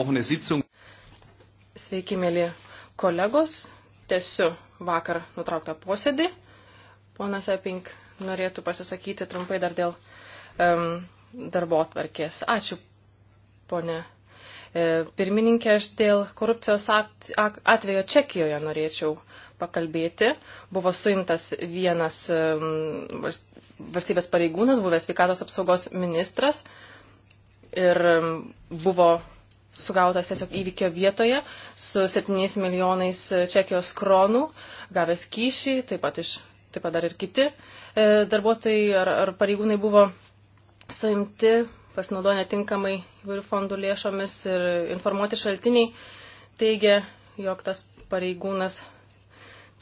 Sveiki, mėly kolegos. Tesiu vakar nutrauktą posėdį. Ponas Epink norėtų pasisakyti trumpai dar dėl um, darbo atvarkės. Ačiū, ponė. E, pirmininkė, aš dėl korupcijos at, atvejo Čekijoje norėčiau pakalbėti. Buvo suimtas vienas um, valstybės pareigūnas, buvęs sveikatos apsaugos ministras ir um, buvo sugautas tiesiog įvykio vietoje su 7 milijonais čekijos kronų, gavęs kyšį, taip pat, iš, taip pat dar ir kiti e, darbuotojai ar, ar pareigūnai buvo suimti, pasinaudoję netinkamai įvairių fondų lėšomis ir informuoti šaltiniai teigia, jog tas pareigūnas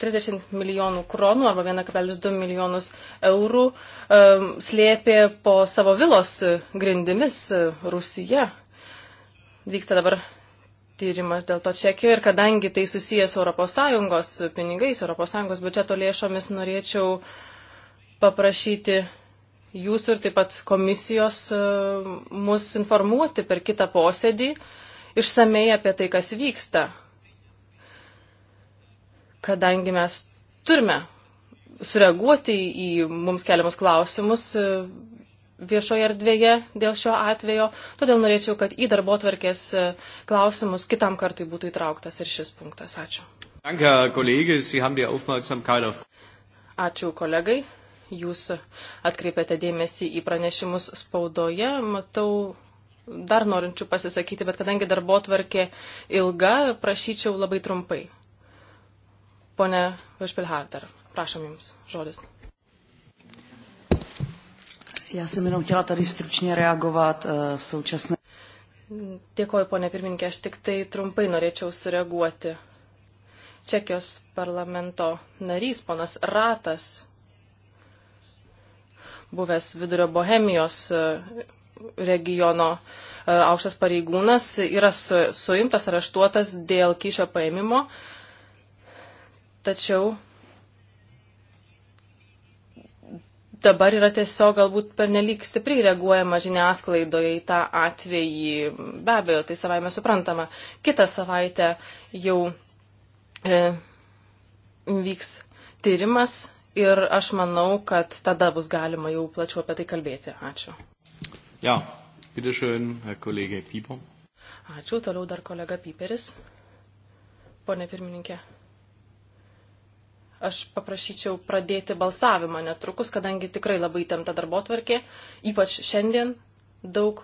30 milijonų kronų arba 1,2 milijonus eurų um, slėpė po savo vilos grindimis e, Rusija vyksta dabar tyrimas dėl to čekio ir kadangi tai susijęs Europos Sąjungos pinigais, Europos Sąjungos biudžeto lėšomis, norėčiau paprašyti jūsų ir taip pat komisijos e, mus informuoti per kitą posėdį išsamei apie tai, kas vyksta. Kadangi mes turime sureaguoti į mums keliamus klausimus e, viešoje erdvėje dėl šio atvejo, todėl norėčiau, kad į darbo tvarkės e, klausimus kitam kartui būtų įtrauktas ir šis punktas. Ačiū. Ačiū kolegai. Jūs atkreipėte dėmesį į pranešimus spaudoje. Matau dar norinčių pasisakyti, bet kadangi darbo tvarkė ilga, prašyčiau labai trumpai. Pone Vašpilharter, prašom Jums žodis. Já jsem jenom chtěla tady stručně reagovat eh, v současné. Dėkoju, ponė pirmininkė, aš tik tai trumpai norėčiau sureaguoti. Čekijos parlamento narys, ponas Ratas, buvęs vidurio Bohemijos eh, regiono eh, aukštas pareigūnas, yra su, suimtas, areštuotas dėl kyšio paėmimo, tačiau dabar yra tiesiog galbūt pernelyg stipriai reaguojama žiniasklaidoje į tą atvejį. Be abejo, tai savaime suprantama. Kitą savaitę jau e, vyks tyrimas ir aš manau, kad tada bus galima jau plačiau apie tai kalbėti. Ačiū. Ja, bitteschön, kolegė Pipo. Ačiū, toliau dar kolega Piperis. Pone pirmininkė aš paprašyčiau pradėti balsavimą netrukus, kadangi tikrai labai temta darbo tvarkė, ypač šiandien daug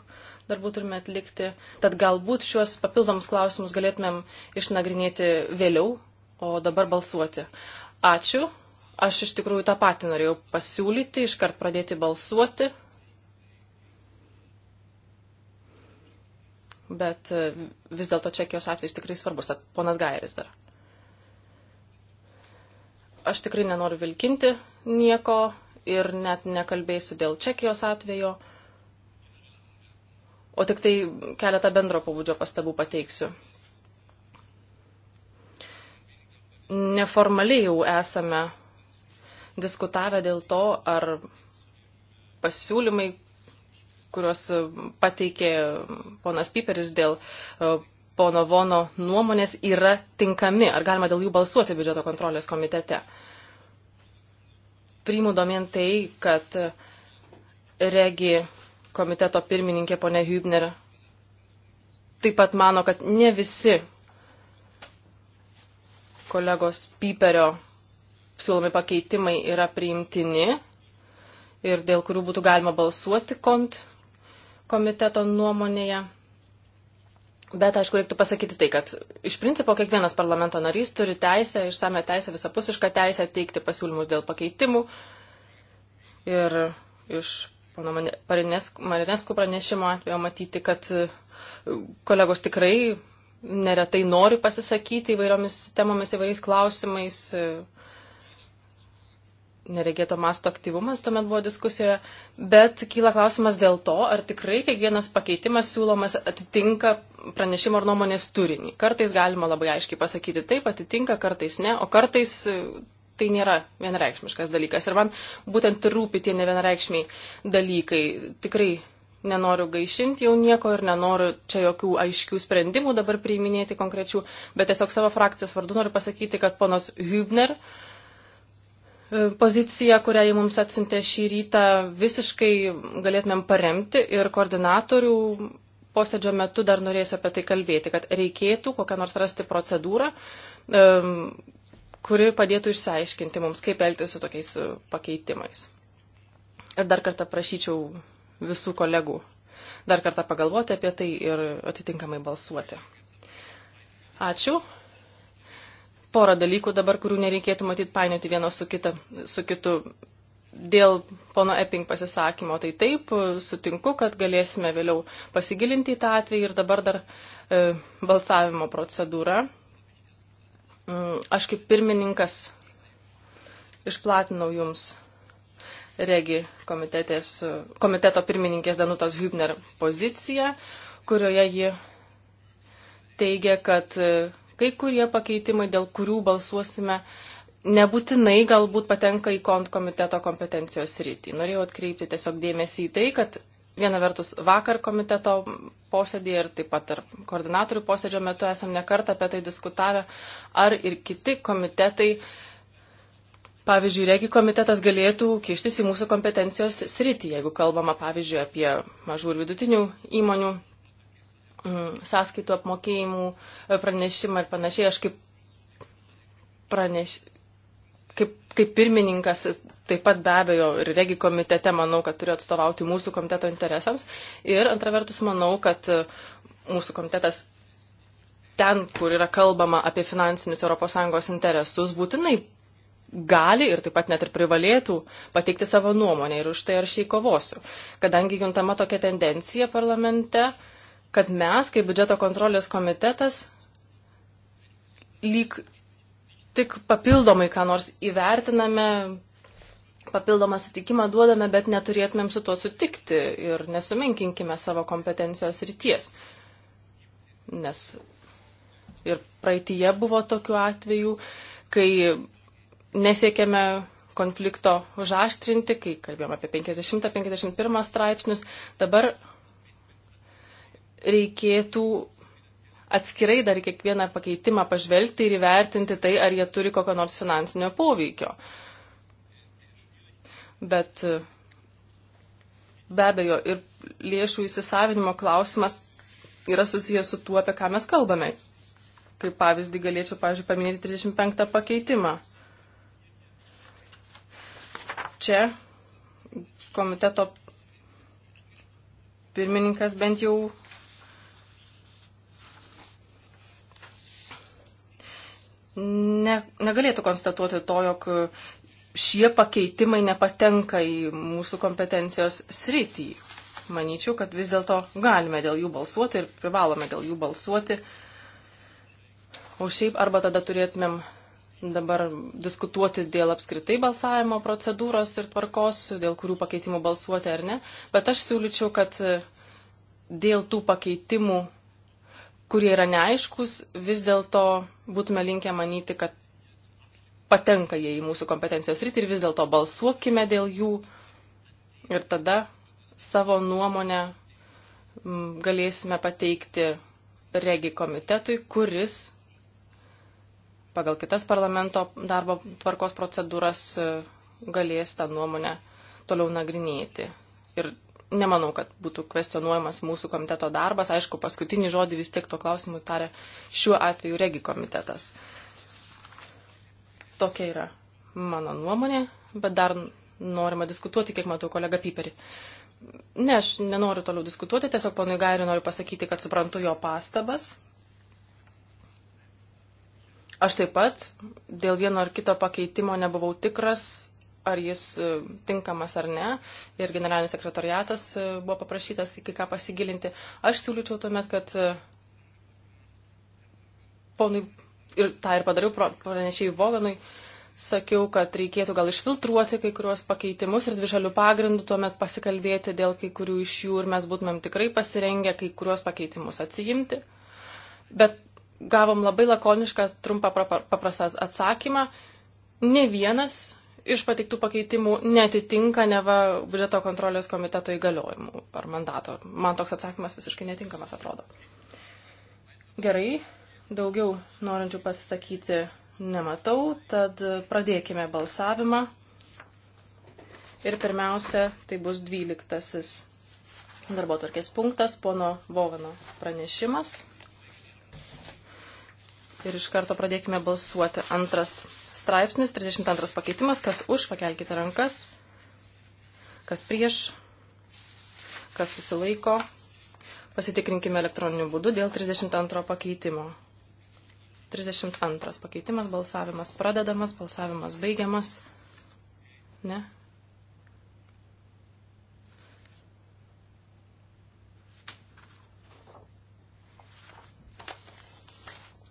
darbų turime atlikti. Tad galbūt šiuos papildomus klausimus galėtumėm išnagrinėti vėliau, o dabar balsuoti. Ačiū. Aš iš tikrųjų tą patį norėjau pasiūlyti, iškart pradėti balsuoti. Bet e, vis dėlto Čekijos atvejs tikrai svarbus. Tad ponas Gairis dar. Aš tikrai nenoriu vilkinti nieko ir net nekalbėsiu dėl Čekijos atvejo, o tik tai keletą bendro pobūdžio pastabų pateiksiu. Neformaliai jau esame diskutavę dėl to, ar pasiūlymai, kuriuos pateikė ponas Piperis dėl pono Vono nuomonės yra tinkami? Ar galima dėl jų balsuoti biudžeto kontrolės komitete? Priimu domien tai, kad regi komiteto pirmininkė ponė Hübner taip pat mano, kad ne visi kolegos Piperio siūlomi pakeitimai yra priimtini ir dėl kurių būtų galima balsuoti kont komiteto nuomonėje. Bet, aišku, reiktų pasakyti tai, kad iš principo kiekvienas parlamento narys turi teisę, išsame teisę, visapusišką teisę teikti pasiūlymus dėl pakeitimų. Ir iš pono Marineskų pranešimo atveju matyti, kad e, kolegos tikrai neretai nori pasisakyti įvairiomis temomis, įvairiais klausimais, e, neregėto masto aktyvumas tuomet buvo diskusijoje, bet kyla klausimas dėl to, ar tikrai kiekvienas pakeitimas siūlomas atitinka pranešimo ar nuomonės turinį. Kartais galima labai aiškiai pasakyti taip, atitinka, kartais ne, o kartais e, tai nėra vienareikšmiškas dalykas. Ir man būtent rūpi tie nevienareikšmiai dalykai. Tikrai nenoriu gaišinti jau nieko ir nenoriu čia jokių aiškių sprendimų dabar priiminėti konkrečių, bet tiesiog savo frakcijos vardu noriu pasakyti, kad ponas Hübner uh, E, poziciją, kurią jie mums atsintė šį rytą, visiškai galėtumėm paremti ir koordinatorių posėdžio metu dar norėsiu apie tai kalbėti, kad reikėtų kokią nors rasti procedūrą, e, kuri padėtų išsiaiškinti mums, kaip elgtis su tokiais e, pakeitimais. Ir dar kartą prašyčiau visų kolegų dar kartą pagalvoti apie tai ir atitinkamai balsuoti. Ačiū porą dalykų dabar, kurių nereikėtų matyti painioti vieno su, kita, su kitu. Dėl pono Epping pasisakymo, tai taip, sutinku, kad galėsime vėliau pasigilinti į tą atvejį ir dabar dar e, balsavimo procedūra. Mm, aš kaip pirmininkas išplatinau jums regi komiteto pirmininkės Danutos Hübner poziciją, kurioje ji teigia, kad e, Kai kurie pakeitimai, dėl kurių balsuosime, nebūtinai galbūt patenka į kont komiteto kompetencijos rytį. Norėjau atkreipti tiesiog dėmesį į tai, kad viena vertus vakar komiteto posėdėje ir taip pat ir koordinatorių posėdžio metu esam nekartą apie tai diskutavę, ar ir kiti komitetai, pavyzdžiui, regi komitetas galėtų kištis į mūsų kompetencijos sritį, jeigu kalbama, pavyzdžiui, apie mažų ir vidutinių įmonių sąskaitų apmokėjimų e, pranešimą ir panašiai. Aš kaip, praneš, kaip, kaip pirmininkas taip pat be abejo ir regi komitete manau, kad turiu atstovauti mūsų komiteto interesams. Ir antra vertus manau, kad e, mūsų komitetas ten, kur yra kalbama apie finansinius ES interesus, būtinai gali ir taip pat net ir privalėtų pateikti savo nuomonę ir už tai aš jį kovosiu. Kadangi juntama tokia tendencija parlamente, uh, kad mes, kaip biudžeto kontrolės komitetas, lyg tik papildomai ką nors įvertiname, papildomą sutikimą duodame, bet neturėtumėm su tuo sutikti ir nesumenkinkime savo kompetencijos ryties. Nes ir praeitie buvo tokių atvejų, kai nesiekėme konflikto užaštrinti, kai kalbėjom apie 50-51 straipsnius, dabar reikėtų atskirai dar kiekvieną pakeitimą pažvelgti ir įvertinti tai, ar jie turi kokio nors finansinio poveikio. Bet be abejo ir lėšų įsisavinimo klausimas yra susijęs su tuo, apie ką mes kalbame. Kaip pavyzdį galėčiau, pavyzdžiui, paminėti 35 pakeitimą. Čia komiteto pirmininkas bent jau ne, negalėtų konstatuoti to, jog šie pakeitimai nepatenka į mūsų kompetencijos sritį. Manyčiau, kad vis dėlto galime dėl jų balsuoti ir privalome dėl jų balsuoti. O šiaip arba tada turėtumėm dabar diskutuoti dėl apskritai balsavimo procedūros ir tvarkos, dėl kurių pakeitimų balsuoti ar ne. Bet aš siūlyčiau, kad dėl tų pakeitimų kurie yra neaiškus, vis dėlto būtume linkę manyti, kad patenka jie į mūsų kompetencijos rytį ir vis dėlto balsuokime dėl jų ir tada savo nuomonę galėsime pateikti regi komitetui, kuris pagal kitas parlamento darbo tvarkos procedūras e, galės tą nuomonę toliau nagrinėti. Ir nemanau, kad būtų kvestionuojamas mūsų komiteto darbas. Aišku, paskutinį žodį vis tiek tuo klausimu tarė šiuo atveju regi komitetas. Tokia yra mano nuomonė, bet dar norima diskutuoti, kiek matau kolega Piperį. Ne, aš nenoriu toliau diskutuoti, tiesiog ponui Gairiui noriu pasakyti, kad suprantu jo pastabas. Aš taip pat dėl vieno ar kito pakeitimo nebuvau tikras, ar jis e, tinkamas ar ne, ir generalinis sekretariatas e, buvo paprašytas į ką pasigilinti. Aš siūlyčiau tuomet, kad e, ponui, ir tą ir padariau pranešėjai Voganui, sakiau, kad reikėtų gal išfiltruoti kai kuriuos pakeitimus ir dvišalių pagrindų, tuomet pasikalbėti dėl kai kurių iš jų ir mes būtumėm tikrai pasirengę kai kuriuos pakeitimus atsijimti. Bet gavom labai lakonišką, trumpą, paprastą atsakymą. Ne vienas iš pateiktų pakeitimų netitinka neva biudžeto kontrolės komiteto įgaliojimų ar mandato. Man toks atsakymas visiškai netinkamas atrodo. Gerai, daugiau norinčių pasisakyti nematau, tad pradėkime balsavimą. Ir pirmiausia, tai bus dvyliktasis darbo tvarkės punktas, pono Vovano pranešimas. Ir iš karto pradėkime balsuoti. Antras straipsnis, 32 pakeitimas, kas už, pakelkite rankas, kas prieš, kas susilaiko. Pasitikrinkime elektroniniu būdu dėl 32 pakeitimo. 32 pakeitimas, balsavimas pradedamas, balsavimas baigiamas. Ne?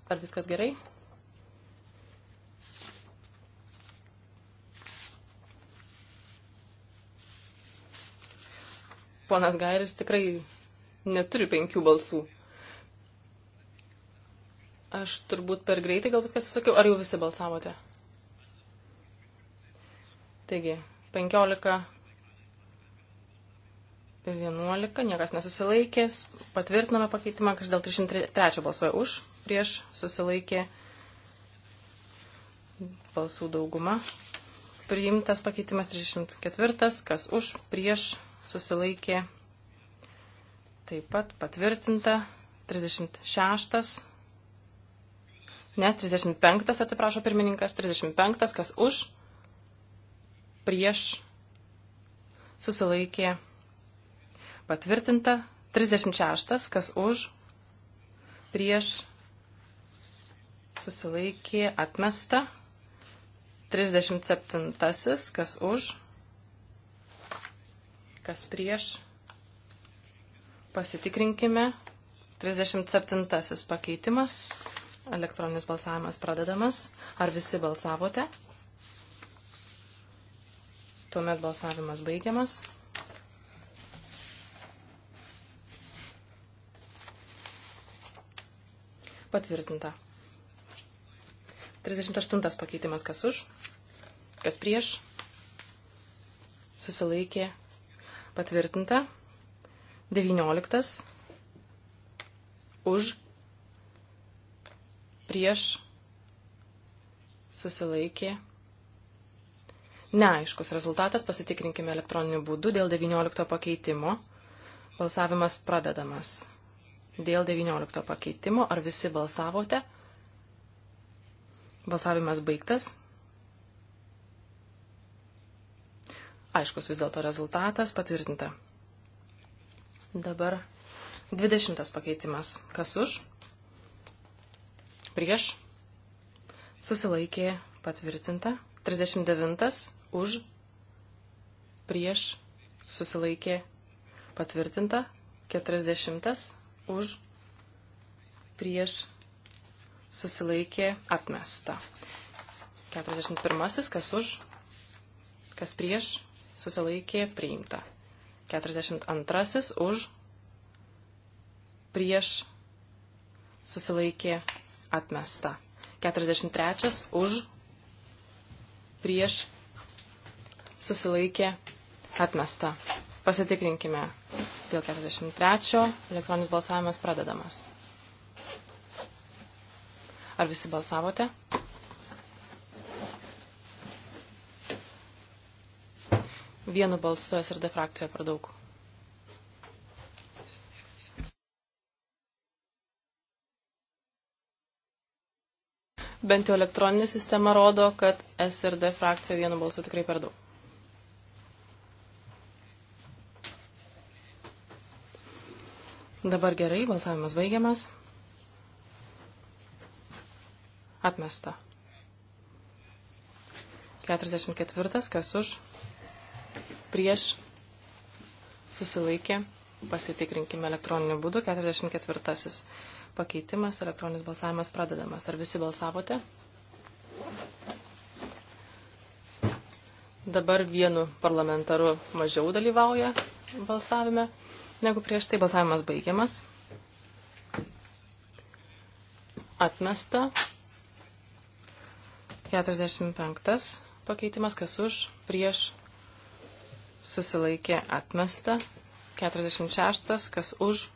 Ar viskas gerai? ponas Gairis tikrai neturi penkių balsų. Aš turbūt per greitai gal viskas susakiau, ar jau visi balsavote? Taigi, 15, 11, niekas nesusilaikės, patvirtiname pakeitimą, kas dėl 303 balsuoja už, prieš susilaikė balsų dauguma. Priimtas pakeitimas 34, kas už, prieš susilaikė taip pat patvirtinta. 36. Ne, 35 atsiprašo pirmininkas. 35, kas už, prieš, susilaikė patvirtinta. 36, kas už, prieš, susilaikė atmesta. 37, kas už, kas prieš. Pasitikrinkime. 37 pakeitimas. Elektroninis balsavimas pradedamas. Ar visi balsavote? Tuomet balsavimas baigiamas. Patvirtinta. 38 pakeitimas kas už, kas prieš, susilaikė, Patvirtinta. 19. Už. Prieš. Susilaikė. Neaiškus rezultatas. Pasitikrinkime elektroniniu būdu dėl 19 pakeitimo. Balsavimas pradedamas. Dėl 19 pakeitimo. Ar visi balsavote? Balsavimas baigtas. aiškus vis dėlto rezultatas patvirtinta. Dabar 20 pakeitimas. Kas už? Prieš? Susilaikė patvirtinta. 39 už? Prieš? Susilaikė patvirtinta. 40 už? Prieš? Susilaikė atmesta. 41 kas už? Kas prieš? susilaikė priimta. 42 už prieš susilaikė atmesta. 43 už prieš susilaikė atmesta. Pasitikrinkime dėl 43. Elektroninis balsavimas pradedamas. Ar visi balsavote? vienu balsu SRD frakcijoje per daug. Bent jau elektroninė sistema rodo, kad SRD frakcija vienu balsu tikrai per daug. Dabar gerai, balsavimas baigiamas. Atmesta. 44. Kas už? prieš, susilaikė, pasitikrinkime elektroniniu būdu, 44 pakeitimas, elektroninis balsavimas pradedamas. Ar visi balsavote? Dabar vienu parlamentaru mažiau dalyvauja balsavime negu prieš tai balsavimas baigiamas. Atmesta. 45 pakeitimas, kas už, prieš, susilaikė atmesta. 46, kas už,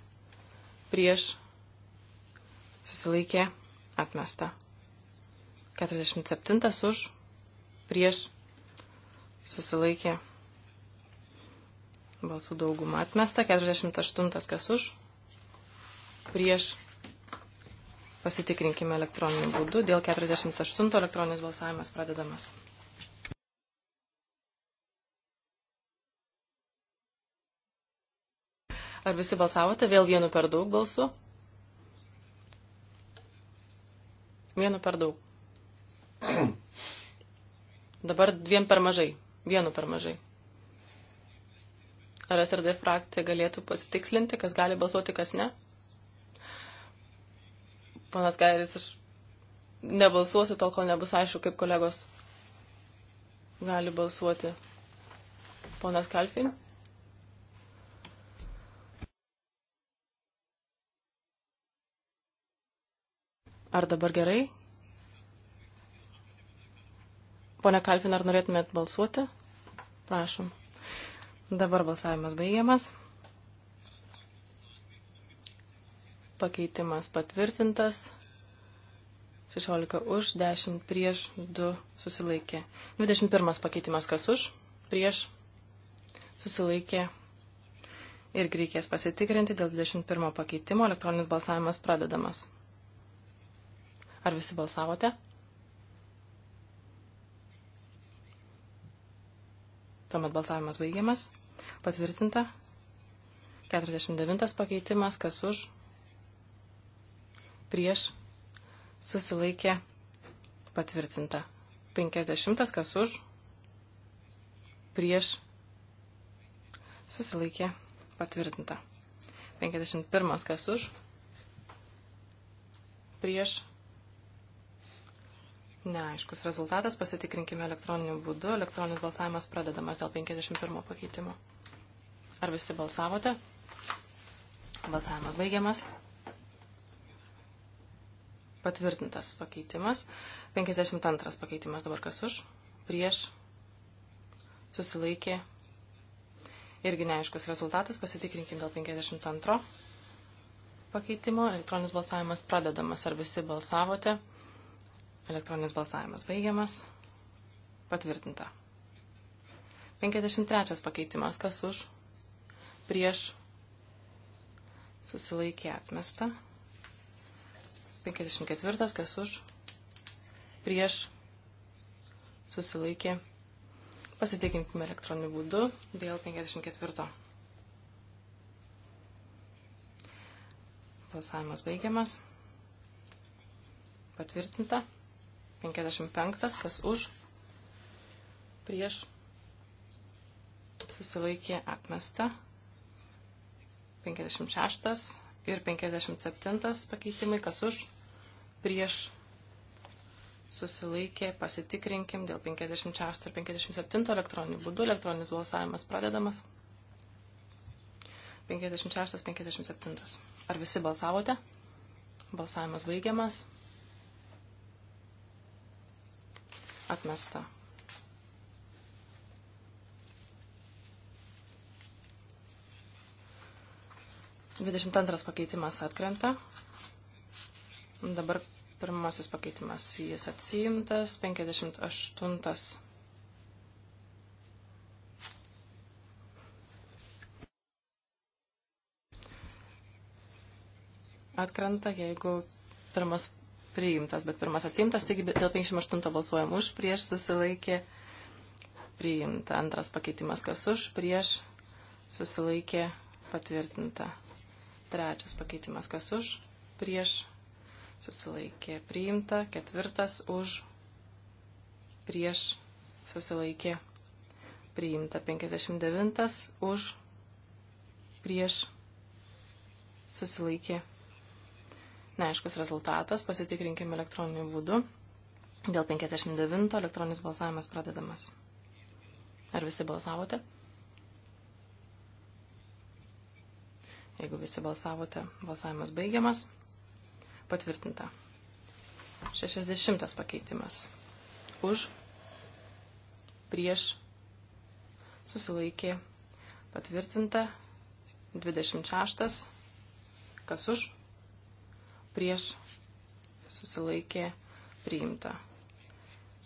prieš, susilaikė atmesta. 47 už, prieš, susilaikė balsų daugumą atmesta. 48 kas už, prieš, pasitikrinkime elektroniniu būdu. Dėl 48 elektroninis balsavimas pradedamas. Ar visi balsavote? Vėl vienu per daug balsų? Vienu per daug. Dabar dviem per mažai. Vienu per mažai. Ar SRD frakcija galėtų pasitikslinti, kas gali balsuoti, kas ne? Panas Gairis, aš nebalsuosiu tol, kol nebus aišku, kaip kolegos gali balsuoti. Ponas Kalfin? Ar dabar gerai? Pone Kalfin, ar norėtumėt balsuoti? Prašom. Dabar balsavimas baigiamas. Pakeitimas patvirtintas. 16 už, 10 prieš, 2 susilaikė. 21 pakeitimas kas už, prieš, susilaikė. Irgi reikės pasitikrinti dėl 21 pakeitimo. Elektroninis balsavimas pradedamas. Ar visi balsavote? Tuomet balsavimas baigiamas. Patvirtinta. 49 pakeitimas, kas už, prieš, susilaikė, patvirtinta. 50 kas už, prieš, susilaikė, patvirtinta. 51 kas už, prieš, neaiškus rezultatas. Pasitikrinkime elektroniniu būdu. Elektroninis balsavimas pradedamas dėl 51 pakeitimo. Ar visi balsavote? Balsavimas baigiamas. Patvirtintas pakeitimas. 52 pakeitimas dabar kas už? Prieš. Susilaikė. Irgi neaiškus rezultatas. Pasitikrinkim dėl 52 pakeitimo. Elektroninis balsavimas pradedamas. Ar visi balsavote? Elektroninis balsavimas baigiamas. Patvirtinta. 53 pakeitimas. Kas už? Prieš. Susilaikė atmesta. 54. Kas už? Prieš. Susilaikė. Pasitikinkime elektroniniu būdu dėl 54. Balsavimas baigiamas. Patvirtinta. 55, kas už, prieš, susilaikė atmesta. 56 ir 57 pakeitimai, kas už, prieš, susilaikė, pasitikrinkim dėl 56 ir 57 elektroninių būdų, elektroninis balsavimas pradedamas. 56, 57. Ar visi balsavote? Balsavimas baigiamas. Atmesta. Dvidešimt antras pakeitimas atkrenta. Dabar pirmasis pakeitimas. Jis atsiimtas. 58. atkrenta, jeigu pirmas priimtas, bet pirmas atsimtas, taigi dėl 58 balsuojam už, prieš susilaikė priimta. Antras pakeitimas, kas už, prieš susilaikė patvirtinta. Trečias pakeitimas, kas už, prieš susilaikė priimta. Ketvirtas už, prieš susilaikė priimta. 59 už, prieš susilaikė priimta neaiškus rezultatas, pasitikrinkime elektroniniu būdu. Dėl 59 elektroninis balsavimas pradedamas. Ar visi balsavote? Jeigu visi balsavote, balsavimas baigiamas. Patvirtinta. 60 pakeitimas. Už, prieš, susilaikė, patvirtinta. 26. Kas už? prieš susilaikė priimta.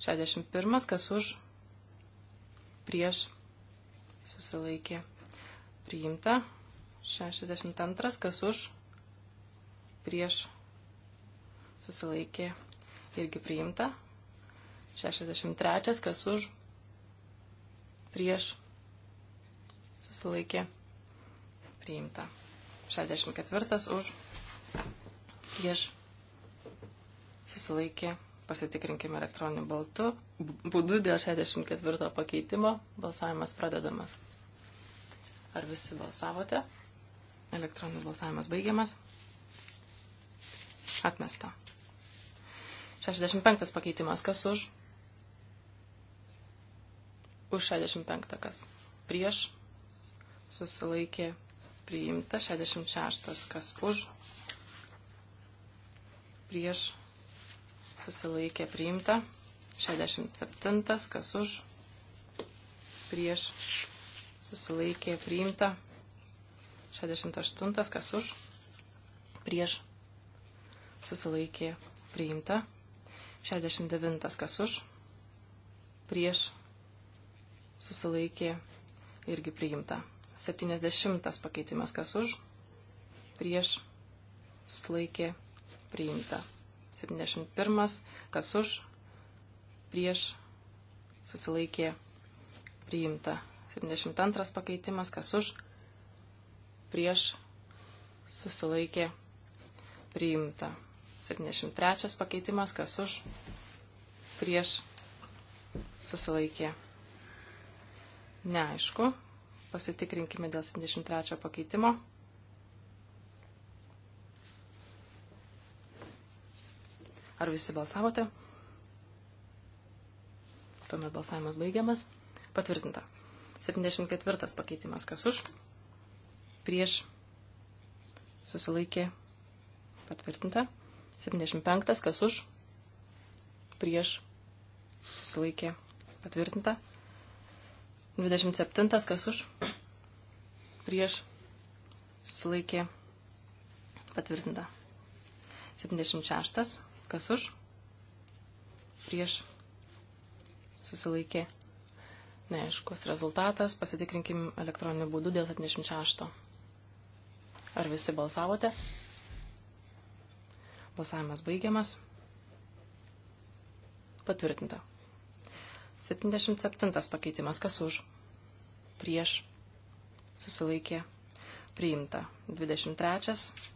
61. Kas už prieš susilaikė priimta. 62. Kas už prieš susilaikė irgi priimta. 63. Kas už prieš susilaikė priimta. 64. Už prieš prieš susilaikė. Pasitikrinkime elektroniniu baltu. Būdu dėl 64 pakeitimo balsavimas pradedamas. Ar visi balsavote? Elektroninis balsavimas baigiamas. Atmesta. 65 pakeitimas. Kas už? Už 65 kas. Prieš. Susilaikė. Priimta. 66 kas už prieš susilaikė priimta. 67. Kas už prieš susilaikė priimta. 68. Kas už prieš susilaikė priimta. 69. Kas už prieš susilaikė irgi priimta. 70. Pakeitimas kas už prieš susilaikė priimta priimta. 71. Kas už, prieš, susilaikė, priimta. 72. Pakeitimas. Kas už, prieš, susilaikė, priimta. 73. Pakeitimas. Kas už, prieš, susilaikė. Neaišku. Pasitikrinkime dėl 73 pakeitimo. Ar visi balsavote? Tuomet balsavimas baigiamas. Patvirtinta. 74 pakeitimas. Kas už? Prieš. Susilaikė. Patvirtinta. 75. Kas už? Prieš. Susilaikė. Patvirtinta. 27. Kas už? Prieš. Susilaikė. Patvirtinta. 76. Kas už? Prieš. Susilaikė. Neaiškus rezultatas. Pasitikrinkim elektroniniu būdu dėl 76. Ar visi balsavote? Balsavimas baigiamas. Patvirtinta. 77 pakeitimas. Kas už? Prieš. Susilaikė. Priimta. 23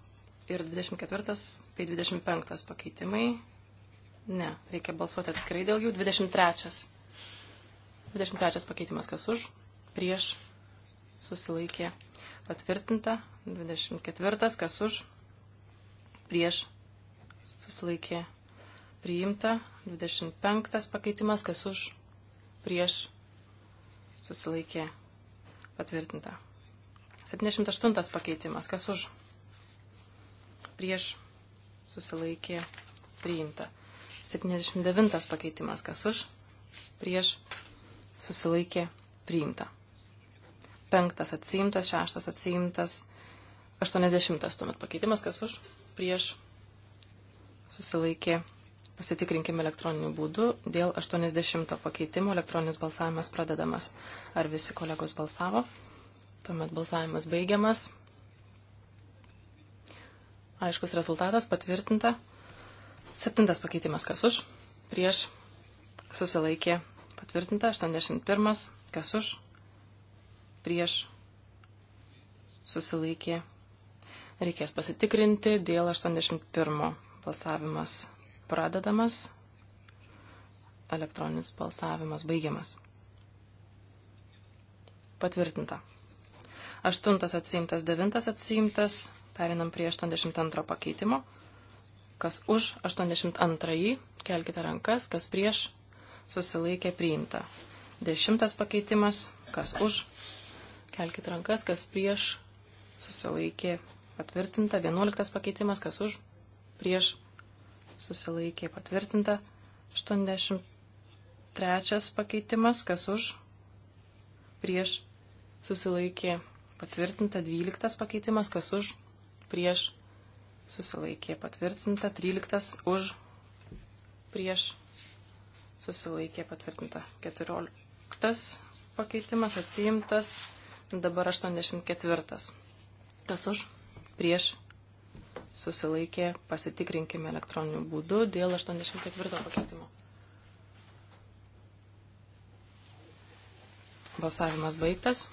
ir 24 bei 25 pakeitimai. Ne, reikia balsuoti atskirai dėl jų. 23. 23 pakeitimas kas už, prieš, susilaikė, patvirtinta. 24 kas už, prieš, susilaikė, priimta. 25 pakeitimas kas už, prieš, susilaikė, patvirtinta. 78 pakeitimas kas už, prieš prieš susilaikė priimta. 79 pakeitimas, kas už, prieš susilaikė priimta. Penktas atsiimtas, šeštas atsiimtas, 80 tuomet pakeitimas, kas už, prieš susilaikė. Pasitikrinkime elektroniniu būdu. Dėl 80 pakeitimų elektroninis balsavimas pradedamas. Ar visi kolegos balsavo? Tuomet balsavimas baigiamas. Aiškus rezultatas patvirtinta. Septintas pakeitimas kas už, prieš, susilaikė, patvirtinta. 81 kas už, prieš, susilaikė. Reikės pasitikrinti dėl 81 balsavimas pradedamas, elektroninis balsavimas baigiamas. Patvirtinta. Aštuntas atsiimtas, devintas atsiimtas, Perinam prie 82 pakeitimo. Kas už 82, kelkite rankas, kas prieš, susilaikė priimta. Dešimtas pakeitimas, kas už, kelkite rankas, kas prieš, susilaikė patvirtinta. Vienuoliktas pakeitimas, kas už, prieš, susilaikė patvirtinta. 83 pakeitimas, kas už, prieš, susilaikė patvirtinta. 12 pakeitimas, kas už, prieš susilaikė patvirtinta, 13 už prieš susilaikė patvirtinta, 14 pakeitimas atsiimtas, dabar 84. Kas už prieš susilaikė, pasitikrinkime elektroniniu būdu dėl 84 pakeitimo. Balsavimas baigtas.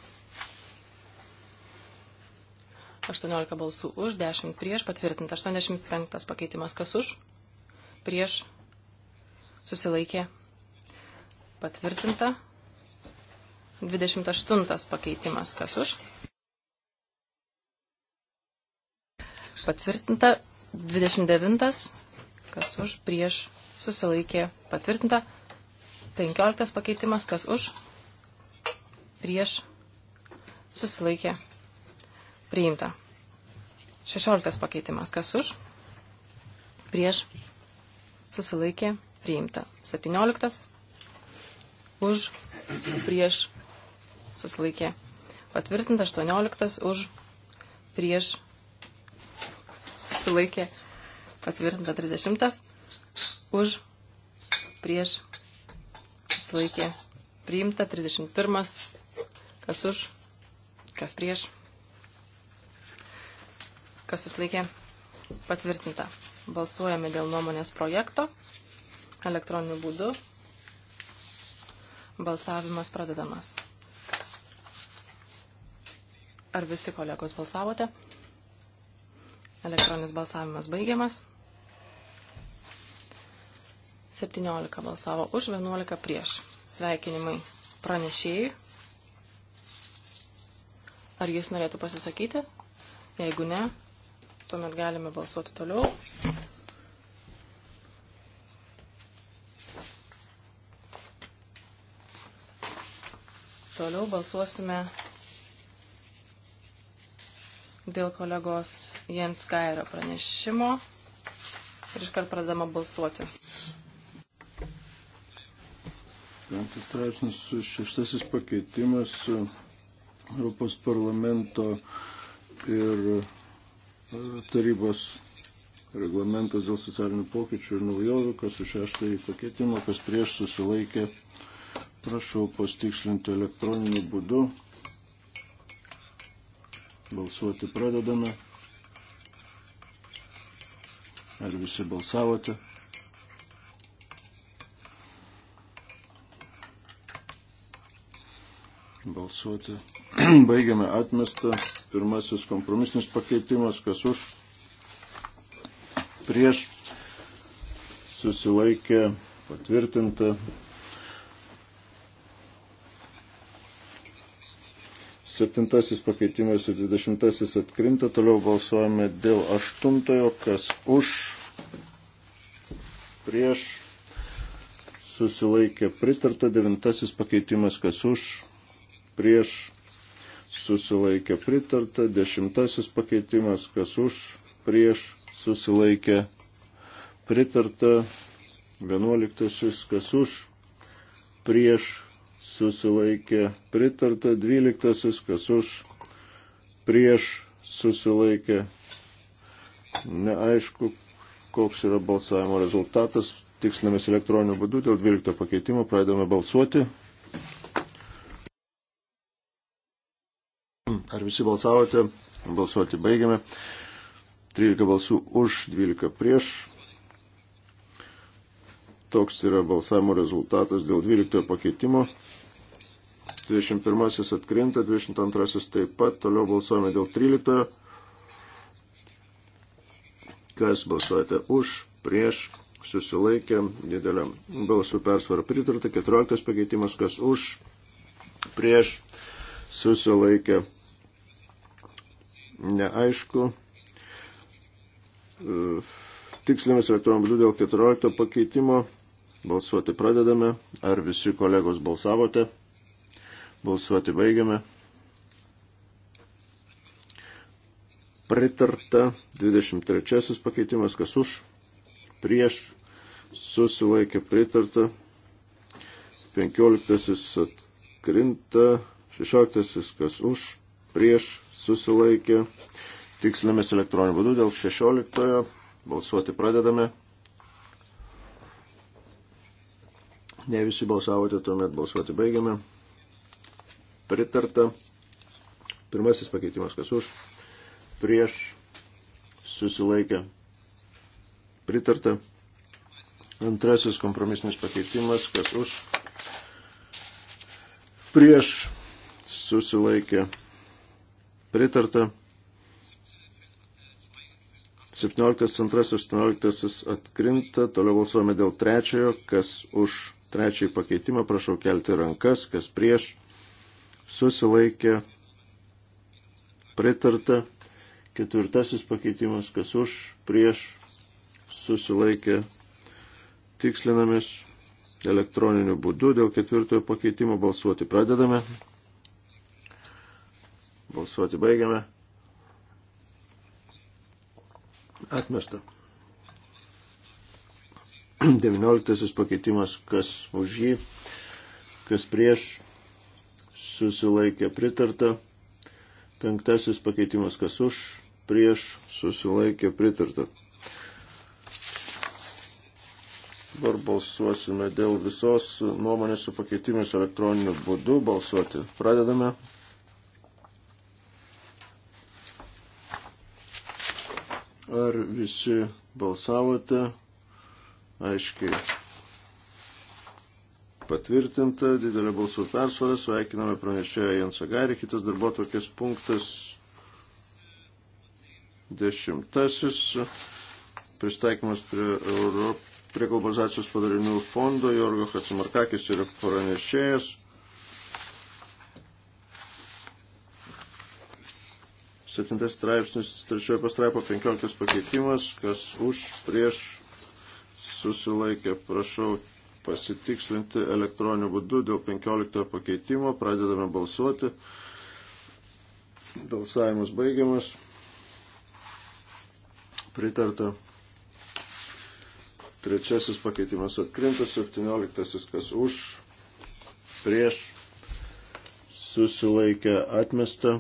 18 balsų už, 10 prieš, patvirtinta 85 pakeitimas, kas už, prieš, susilaikė, patvirtinta 28 pakeitimas, kas už, patvirtinta 29, kas už, prieš, susilaikė, patvirtinta 15 pakeitimas, kas už, prieš, susilaikė, Priimta. 16 pakeitimas. Kas už? Prieš. Susilaikė. Priimta. 17. Už. Prieš. Susilaikė. Patvirtinta. 18. Už. Prieš. Susilaikė. Patvirtinta. 30. Už. Prieš. Susilaikė. Priimta. 31. Kas už. Kas prieš kas susilaikė patvirtinta. Balsuojame dėl nuomonės projekto elektroniniu būdu. Balsavimas pradedamas. Ar visi kolegos balsavote? Elektroninis balsavimas baigiamas. 17 balsavo už, 11 prieš. Sveikinimai pranešėjai. Ar jis norėtų pasisakyti? Jeigu ne, tuomet galime balsuoti toliau. Toliau balsuosime dėl kolegos Jens Gairio pranešimo ir iškart pradama balsuoti. Penktas straipsnis, šeštasis pakeitimas Europos parlamento ir E, tarybos reglamentas dėl socialinių pokyčių ir naujovių, kas už šeštąjį pakeitimą, kas prieš susilaikė. Prašau pastikslinti elektroniniu būdu. Balsuoti pradedame. Ar visi balsavote? Balsuoti Baigiame atmestą. Pirmasis kompromisinis pakeitimas, kas už prieš susilaikė patvirtinta. Septintasis pakeitimas ir dvidešimtasis atkrinta. Toliau balsuojame dėl aštuntojo, kas už prieš susilaikė pritarta. Devintasis pakeitimas, kas už prieš susilaikė pritarta, dešimtasis pakeitimas, kas už, prieš, susilaikė pritarta, vienuoliktasis, kas už, prieš, susilaikė pritarta, dvyliktasis, kas už, prieš, susilaikė. Neaišku, koks yra balsavimo rezultatas. Tikslinamės elektroniniu būdu dėl 12 pakeitimo. Pradedame balsuoti. Ar visi balsavote? Balsuoti baigiame. 13 balsų už, 12 prieš. Toks yra balsavimo rezultatas dėl 12 pakeitimo. 21 atkrinta, 22 taip pat, toliau balsuojame dėl 13. Kas balsuojate už, prieš, susilaikė, didelė balsų persvara pritarta, 14 pakeitimas, kas už, prieš, susilaikė, neaišku. E, tikslinis elektroniniu būdu dėl 14 pakeitimo. Balsuoti pradedame. Ar visi kolegos balsavote? Balsuoti baigiame. Pritarta 23 pakeitimas, kas už, prieš, susilaikė pritarta, 15 atkrinta, 16 kas už, prieš susilaikė. Tikslinamės elektroniniu būdu dėl 16. Balsuoti pradedame. Ne visi balsavote, tuomet balsuoti baigiame. Pritarta. Pirmasis pakeitimas, kas už. Prieš susilaikė. Pritarta. Antrasis kompromisinis pakeitimas, kas už. Prieš susilaikė pritarta. 17, 2, 18 atkrinta, toliau balsuojame dėl trečiojo, kas už trečiąjį pakeitimą, prašau kelti rankas, kas prieš, susilaikė, pritarta, ketvirtasis pakeitimas, kas už, prieš, susilaikė, tikslinamės elektroniniu būdu dėl ketvirtojo pakeitimo balsuoti pradedame. Balsuoti baigiame. Atmesta. 19 pakeitimas, kas už jį, kas prieš, susilaikė pritarta. Penktasis pakeitimas, kas už, prieš, susilaikė pritarta. Dabar balsuosime dėl visos nuomonės su pakeitimais elektroniniu būdu. Balsuoti pradedame. Ar visi balsavote? Aiškiai patvirtinta, didelė balsų persvara, sveikiname pranešėją Jansą Gairį, kitas darbo tokias punktas dešimtasis, pristaikymas prie, Euro, prie globalizacijos padarinių fondo, Jorgo Hatsimarkakis yra pranešėjas. 7 straipsnis, 3 pastraipo 15 pakeitimas, kas už, prieš, susilaikė, prašau pasitikslinti elektroniniu būdu dėl 15 pakeitimo, pradedame balsuoti, balsavimas baigiamas, pritarta, trečiasis pakeitimas atkrinta, 17 kas už, prieš, susilaikė, atmesta.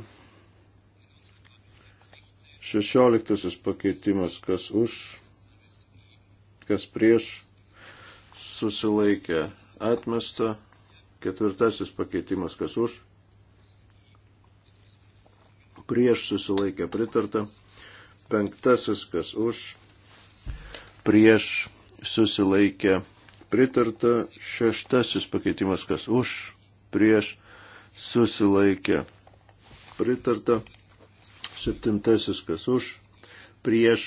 Šešioliktasis pakeitimas, kas už, kas prieš, susilaikė atmesta. Ketvirtasis pakeitimas, kas už, prieš susilaikė pritarta. Penktasis, kas už, prieš susilaikė pritarta. Šeštasis pakeitimas, kas už, prieš susilaikė pritarta. Septintasis kas už, prieš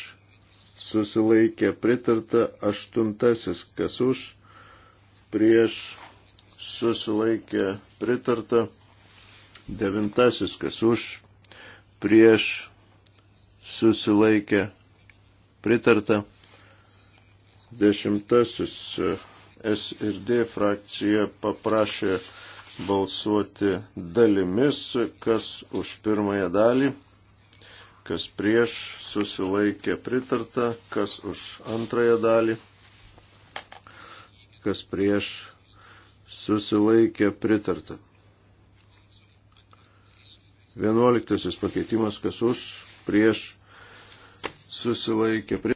susilaikė pritarta. Aštuntasis kas už, prieš susilaikė pritarta. Devintasis kas už, prieš susilaikė pritarta. Dešimtasis S ir D frakcija paprašė balsuoti dalimis, kas už pirmąją dalį kas prieš, susilaikė pritarta, kas už antrąją dalį, kas prieš, susilaikė pritarta. Vienuoliktasis pakeitimas, kas už, prieš, susilaikė pritarta.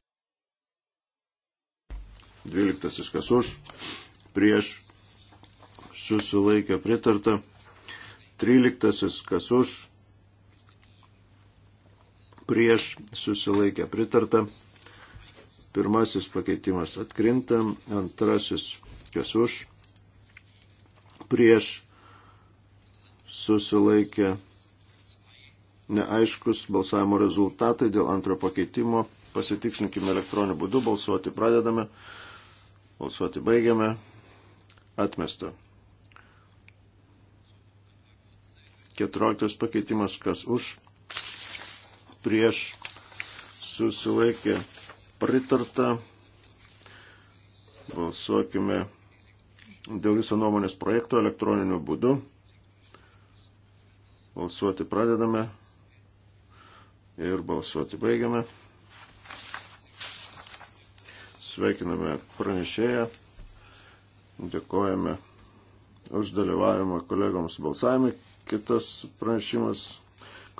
Dvyliktasis, kas už, prieš, susilaikė pritarta. Tryliktasis, kas už, prieš susilaikę pritarta. Pirmasis pakeitimas atkrinta, antrasis kas už, prieš susilaikę neaiškus balsavimo rezultatai dėl antrojo pakeitimo. Pasitikslinkime elektroniniu būdu, balsuoti pradedame, balsuoti baigiame, atmesta. 14 pakeitimas, kas už, prieš susilaikė pritarta. Balsuokime dėl viso nuomonės projekto elektroniniu būdu. Balsuoti pradedame ir balsuoti baigiame. Sveikiname pranešėją, dėkojame už dalyvavimą kolegoms balsavimui. Kitas pranešimas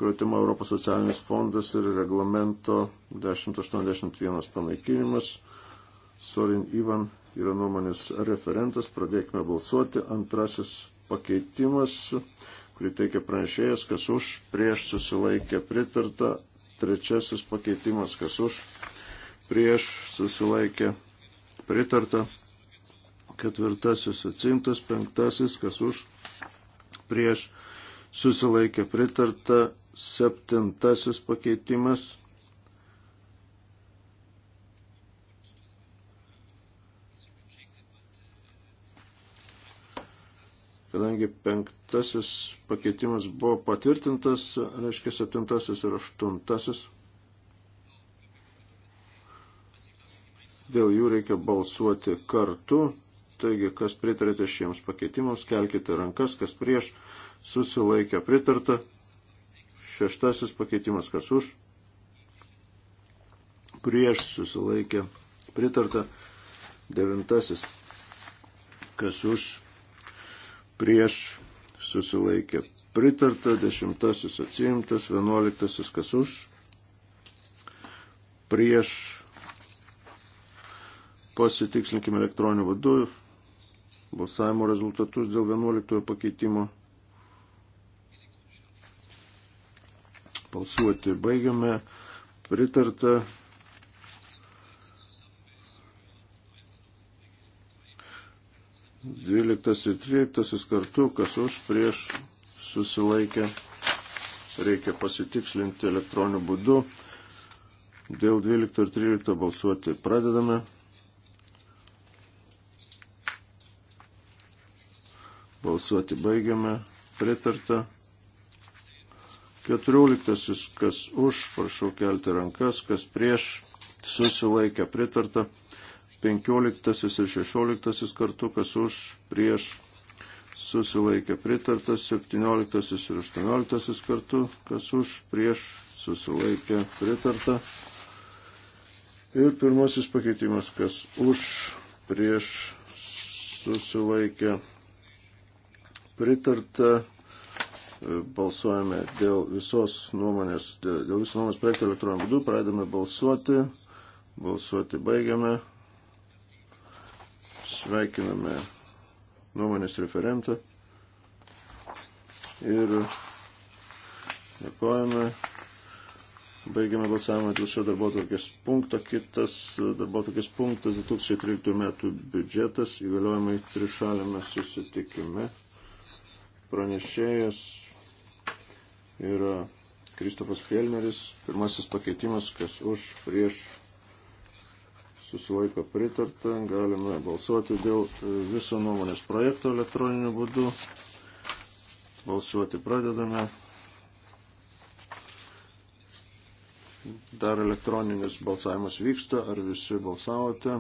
kurio tema Europos socialinis fondas ir reglamento 1081 panaikinimas. Sorin Ivan yra nuomonės referentas, pradėkime balsuoti. Antrasis pakeitimas, kurį teikia pranešėjas, kas už, prieš susilaikė pritarta. Trečiasis pakeitimas, kas už, prieš susilaikė pritarta. Ketvirtasis atsimtas, penktasis, kas už, prieš susilaikė pritarta Septintasis pakeitimas. Kadangi penktasis pakeitimas buvo patvirtintas, reiškia septintasis ir aštuntasis. Dėl jų reikia balsuoti kartu. Taigi, kas pritarėte šiems pakeitimams, kelkite rankas, kas prieš, susilaikė pritarta. Šeštasis pakeitimas kas už. Prieš susilaikė pritarta. Devintasis kas už. Prieš susilaikė pritarta. Dešimtasis atsiimtas. Vienuoliktasis kas už. Prieš pasitikslinkime elektroniniu būdu balsavimo rezultatus dėl 11 pakeitimo. Balsuoti baigiame. Pritarta. Dvyliktas ir tryliktasis kartu, kas už prieš susilaikė. Reikia pasitikslinti elektroniniu būdu. Dėl 12 ir 13 balsuoti pradedame. Balsuoti baigiame. Pritarta. Keturioliktasis, kas už, prašau kelti rankas, kas prieš, susilaikė pritarta. Penkioliktasis ir šešioliktasis kartu, kas už, prieš, susilaikė pritartas. Septynioliktasis ir aštuonioliktasis kartu, kas už, prieš, susilaikė pritarta. Ir pirmasis pakeitimas, kas už, prieš, susilaikė pritarta. E, balsuojame dėl visos nuomonės, dėl viso nuomonės projekto elektroniniu būdu, pradedame balsuoti, balsuoti baigiame, sveikiname nuomonės referentą ir dėkojame, baigiame balsavimą dėl šio darbo tokias punkto, kitas darbo tokias punktas 2013 metų biudžetas įgaliojimai trišalėme susitikime pranešėjas yra Kristofas Fielneris, pirmasis pakeitimas, kas už, prieš, susilaiko pritarta, galime balsuoti dėl e, viso nuomonės projekto elektroniniu būdu. Balsuoti pradedame. Dar elektroninis balsavimas vyksta, ar visi balsavote.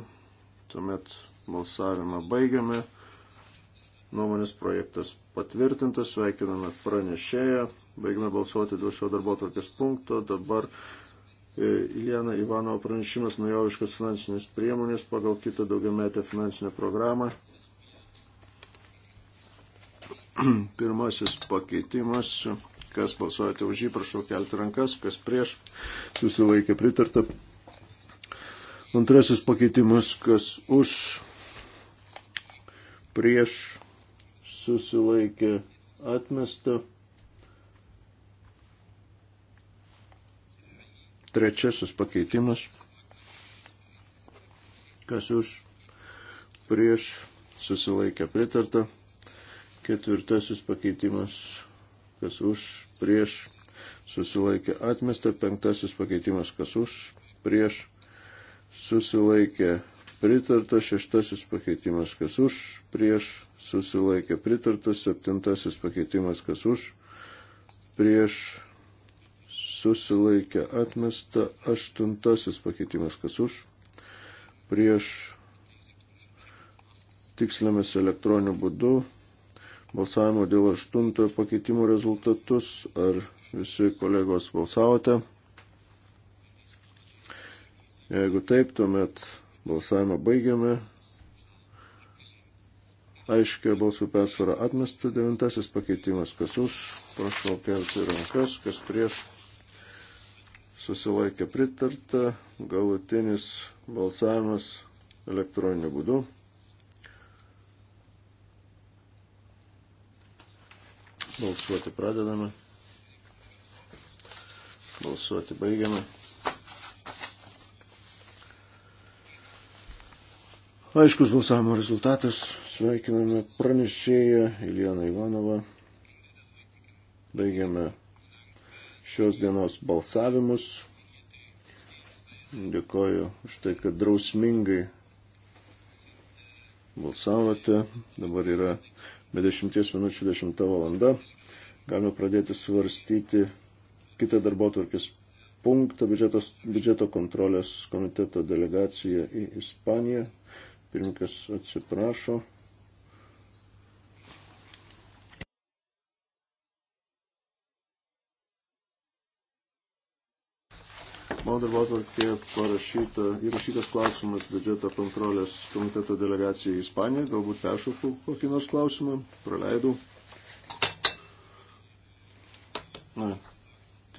Tuomet balsavimą baigiame. Nuomonės projektas patvirtintas, sveikiname pranešėją. Baigime balsuoti dėl šio darbo tvarkės punkto. Dabar e, Iljana Ivanovo pranešimas naujoviškas finansinės priemonės pagal kitą daugiametę finansinę programą. Pirmasis pakeitimas. Kas balsuojate už jį, prašau kelti rankas, kas prieš, susilaikė pritarta. Antrasis pakeitimas, kas už, prieš, susilaikė atmesta. Trečiasis pakeitimas. Kas už prieš susilaikė pritarta. Ketvirtasis pakeitimas. Kas už prieš susilaikė atmesta. Penktasis pakeitimas. Kas už prieš susilaikė pritarta. Šeštasis pakeitimas. Kas už prieš susilaikė pritarta. Septintasis pakeitimas. Kas už prieš susilaikė atmesta. Aštuntasis pakeitimas, kas už, prieš tiksliamės elektroniniu būdu balsavimo dėl aštuntojo pakeitimo rezultatus. Ar visi kolegos balsavote? Jeigu taip, tuomet balsavimą baigiame. Aiškia balsų persvara atmesta devintasis pakeitimas, kas už, prašau kelti rankas, kas prieš susilaikė pritarta, galutinis balsavimas elektroniniu būdu. Balsuoti pradedame. Balsuoti baigiame. Aiškus balsavimo rezultatas. Sveikiname pranešėją Ilijaną Ivanovą. Baigiame šios dienos balsavimus. Dėkoju už tai, kad drausmingai balsavote. Dabar yra be 10 minučių 10 valanda. Galime pradėti svarstyti kitą darbo tvarkės punktą biudžetos, biudžeto kontrolės komiteto delegaciją į Ispaniją. Pirmininkas atsiprašo. Mano darbo atvarkė parašyta, įrašytas klausimas biudžeto kontrolės komiteto delegacijai į Ispaniją. Galbūt peršokau kokį nors klausimą, praleidau. Na,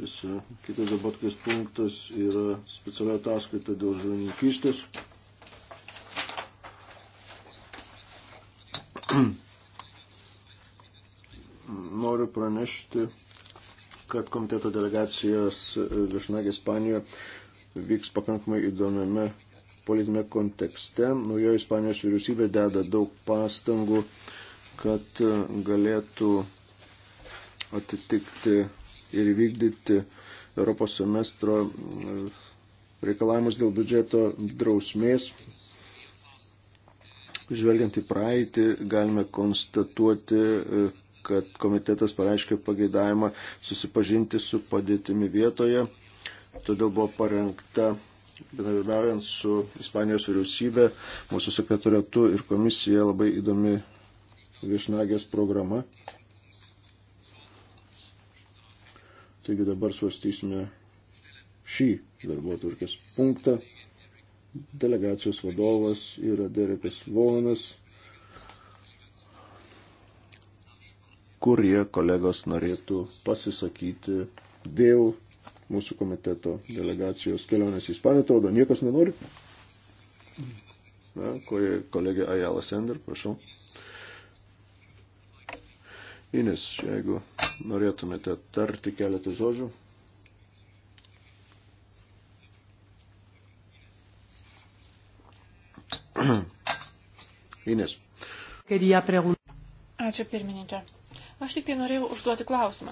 tiesa, kitas dabartkės punktas yra specialia ataskaita dėl žuvininkystės. Noriu pranešti kad komiteto delegacijos viešnagė Ispanijoje vyks pakankamai įdomiame politinėme kontekste. Naujoji Ispanijos vyriausybė deda daug pastangų, kad galėtų atitikti ir vykdyti Europos semestro reikalavimus dėl biudžeto drausmės. Žvelgiant į praeitį, galime konstatuoti, kad komitetas pareiškė pageidavimą susipažinti su padėtimi vietoje. Todėl buvo parengta, bendradarbiaujant su Ispanijos vyriausybė, mūsų sekretoriatu ir komisija labai įdomi viešnagės programa. Taigi dabar svarstysime šį darbo turkės punktą. Delegacijos vadovas yra Derekas Vonas kurie kolegos norėtų pasisakyti dėl mūsų komiteto delegacijos kelionės į Ispaniją. Taudo niekas nenori. Na, koje, kolegė Ajala Sender, prašau. Ines, jeigu norėtumėte tarti keletą žodžių. Ines. Ačiū pirmininkė. Aš tik tai norėjau užduoti klausimą.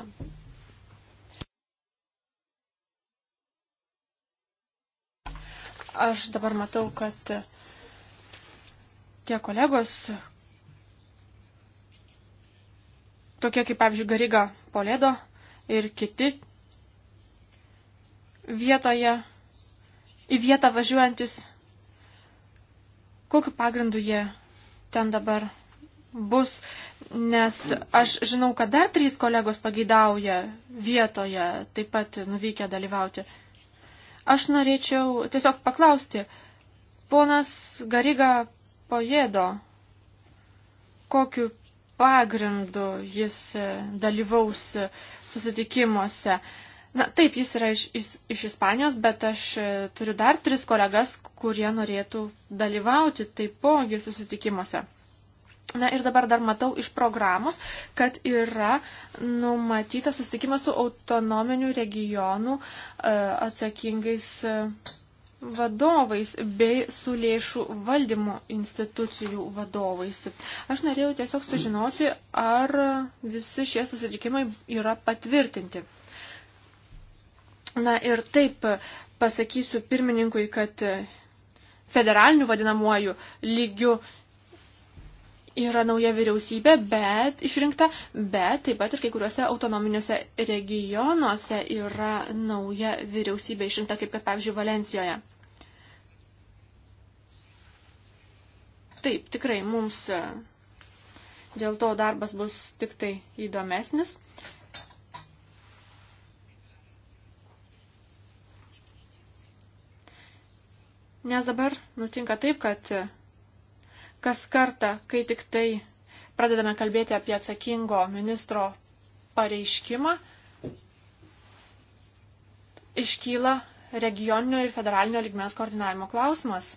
Aš dabar matau, kad tie kolegos, tokie kaip, pavyzdžiui, Gariga Polėdo ir kiti vietoje, į vietą važiuojantis, kokiu pagrindu jie ten dabar bus, nes aš žinau, kad dar trys kolegos pageidauja vietoje taip pat nuvykę dalyvauti. Aš norėčiau tiesiog paklausti, ponas Gariga pojėdo, kokiu pagrindu jis dalyvaus susitikimuose. Na taip, jis yra iš, iš, iš Ispanijos, bet aš turiu dar tris kolegas, kurie norėtų dalyvauti taipogi susitikimuose. Na ir dabar dar matau iš programos, kad yra numatyta susitikimas su autonominių regionų e, atsakingais e, vadovais bei su lėšų valdymo institucijų vadovais. Aš norėjau tiesiog sužinoti, ar visi šie susitikimai yra patvirtinti. Na ir taip pasakysiu pirmininkui, kad federaliniu vadinamuoju lygiu yra nauja vyriausybė, bet išrinkta, bet taip pat ir kai kuriuose autonominiuose regionuose yra nauja vyriausybė išrinkta, kaip kad pavyzdžiui Valencijoje. Taip, tikrai mums e, dėl to darbas bus tik tai įdomesnis. Nes dabar nutinka taip, kad Kas kartą, kai tik tai pradedame kalbėti apie atsakingo ministro pareiškimą, iškyla regioninio ir federalinio ligmens koordinavimo klausimas.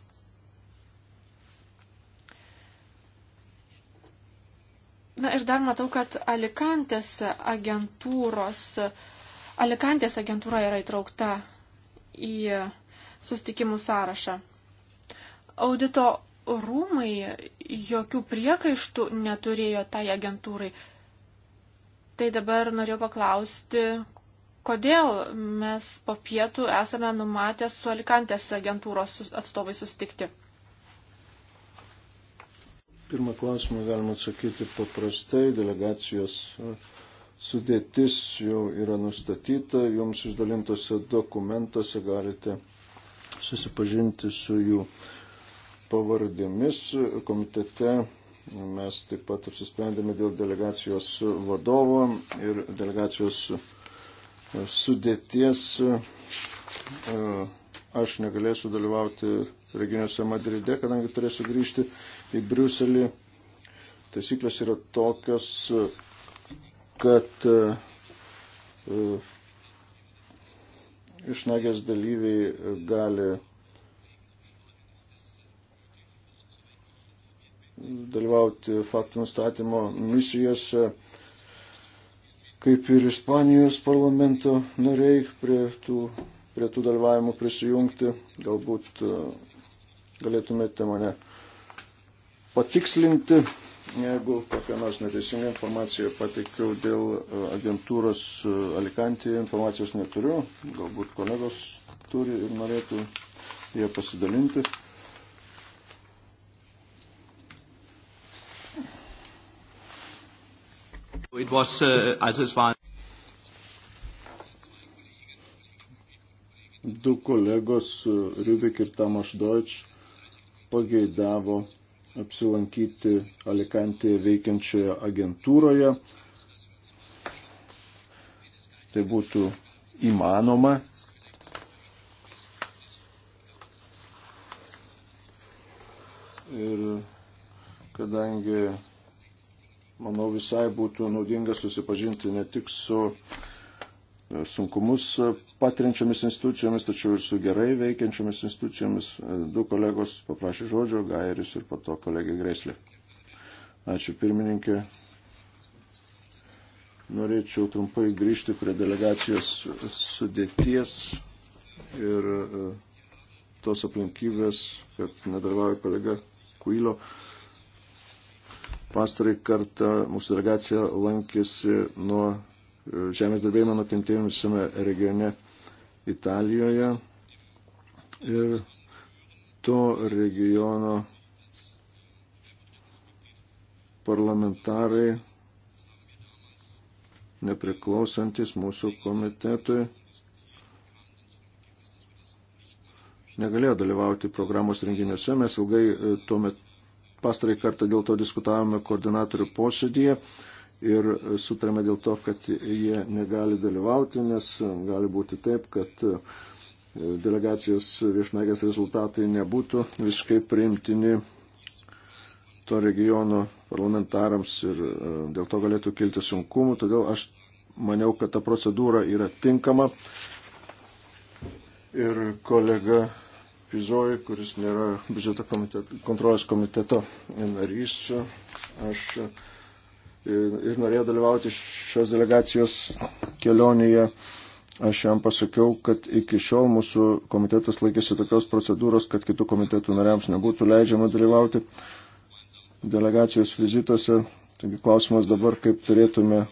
Na ir dar matau, kad Alikantės agentūros, Alikantės agentūra yra įtraukta į sustikimų sąrašą. Audito rūmai jokių priekaištų neturėjo tai agentūrai. Tai dabar noriu paklausti, kodėl mes po pietų esame numatę su Alikantės agentūros atstovai sustikti. Pirmą klausimą galima atsakyti paprastai. Delegacijos sudėtis jau yra nustatyta. Jums išdalintose dokumentuose galite susipažinti su jų pavardėmis. Komitete mes taip pat apsisprendėme dėl delegacijos vadovo ir delegacijos sudėties. Aš negalėsiu dalyvauti regioniuose Madride, kadangi turėsiu grįžti į Briuselį. Taisyklės yra tokios, kad e, e, išnagės dalyviai gali dalyvauti faktų nustatymo misijose, kaip ir Ispanijos parlamento nariai prie tų, prie tų dalyvavimų prisijungti. Galbūt e, galėtumėte mane patikslinti, jeigu kokią nors neteisingą informaciją pateikiau dėl e, agentūros e, Alikantėje, informacijos neturiu, galbūt kolegos turi ir norėtų jie pasidalinti. Was, uh, war... Du kolegos uh, Rubik ir Tamas Deutsch pageidavo apsilankyti Alikantėje veikiančioje agentūroje. Tai būtų įmanoma. Ir kadangi manau, visai būtų naudinga susipažinti ne tik su e, sunkumus e, patiriančiomis institucijomis, tačiau ir su gerai veikiančiomis institucijomis. E, du kolegos paprašė žodžio, Gairis ir po to kolegė Greslė. Ačiū pirmininkė. Norėčiau trumpai grįžti prie delegacijos sudėties ir tos aplinkybės, kad nedalyvauja kolega Kuilo. Uh, Pastarai kartą mūsų delegacija lankėsi nuo e, žemės darbėjimo nukentėjusiame regione Italijoje ir to regiono parlamentarai nepriklausantis mūsų komitetui negalėjo dalyvauti programos renginiuose. Mes ilgai e, tuo metu Pastarai kartą dėl to diskutavome koordinatorių posėdėje ir sutarėme dėl to, kad jie negali dalyvauti, nes gali būti taip, kad e, delegacijos viešnagės rezultatai nebūtų visiškai priimtini to regiono parlamentarams ir e, dėl to galėtų kilti sunkumų. Todėl aš maniau, kad ta procedūra yra tinkama. Ir kolega Pizoj, kuris nėra biudžeto komiteto, kontrolės komiteto narys. Aš e, ir norėjau dalyvauti šios delegacijos kelionėje. Aš jam pasakiau, kad iki šiol mūsų komitetas laikėsi tokios procedūros, kad kitų komitetų nariams nebūtų leidžiama dalyvauti delegacijos vizituose. Taigi klausimas dabar, kaip turėtume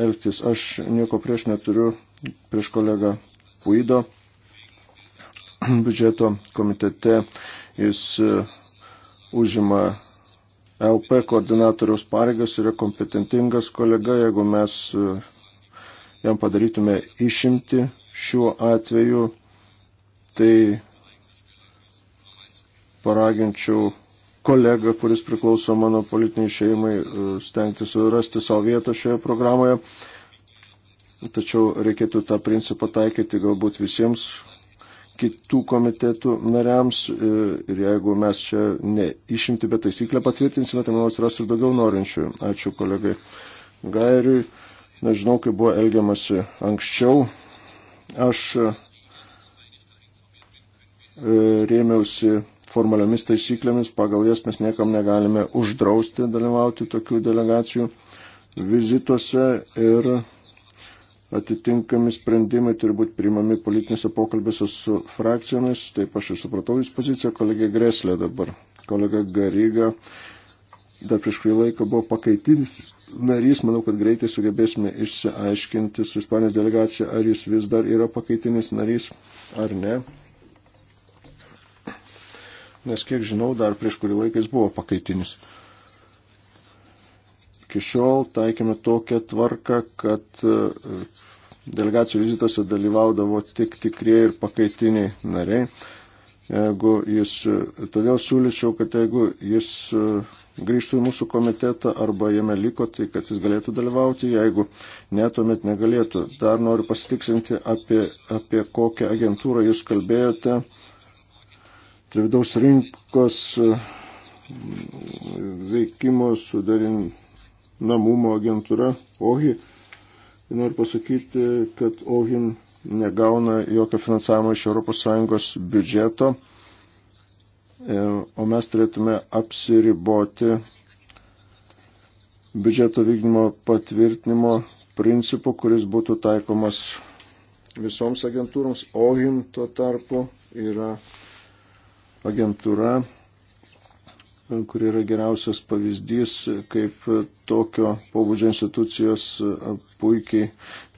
elgtis. Aš nieko prieš neturiu prieš kolegą Puido biudžeto komitete. Jis e, užima LP koordinatoriaus pareigas, yra kompetentingas kolega, jeigu mes e, jam padarytume išimti šiuo atveju, tai paraginčiau kolegą, kuris priklauso mano politiniai šeimai, e, stengti surasti savo vietą šioje programoje. Tačiau reikėtų tą principą taikyti galbūt visiems kitų komitetų nariams e, ir jeigu mes čia neišimti, bet taisyklę patvirtinsime, tai manau atsiras ir daugiau norinčių. Ačiū kolegai Gairiui. Nežinau, kaip buvo elgiamasi anksčiau. Aš e, rėmiausi formaliomis taisyklėmis, pagal jas mes niekam negalime uždrausti dalyvauti tokių delegacijų vizituose ir atitinkami sprendimai turi būti priimami politinėse pokalbėse su frakcijomis. Taip aš ir supratau jūs poziciją, kolegė Greslė dabar. Kolega Garyga dar prieš kurį laiką buvo pakaitinis narys. Manau, kad greitai sugebėsime išsiaiškinti su Ispanijos delegacija, ar jis vis dar yra pakaitinis narys ar ne. Nes kiek žinau, dar prieš kurį laiką jis buvo pakaitinis. Iki šiol taikėme tokią tvarką, kad e, delegacijų vizituose dalyvaudavo tik tikrieji ir pakaitiniai nariai. Jeigu jis, todėl siūlyčiau, kad jeigu jis e, grįžtų į mūsų komitetą arba jame liko, tai kad jis galėtų dalyvauti, jeigu ne, tuomet negalėtų. Dar noriu pasitiksinti, apie, apie kokią agentūrą jūs kalbėjote. Tai vidaus rinkos e, veikimo sudarin, namumo agentūra OHI. Noriu pasakyti, kad OHI negauna jokio finansavimo iš ES biudžeto, o mes turėtume apsiriboti biudžeto vykdymo patvirtinimo principu, kuris būtų taikomas visoms agentūroms. OHIM tuo tarpu yra agentūra kur yra geriausias pavyzdys, kaip tokio pobūdžio institucijos puikiai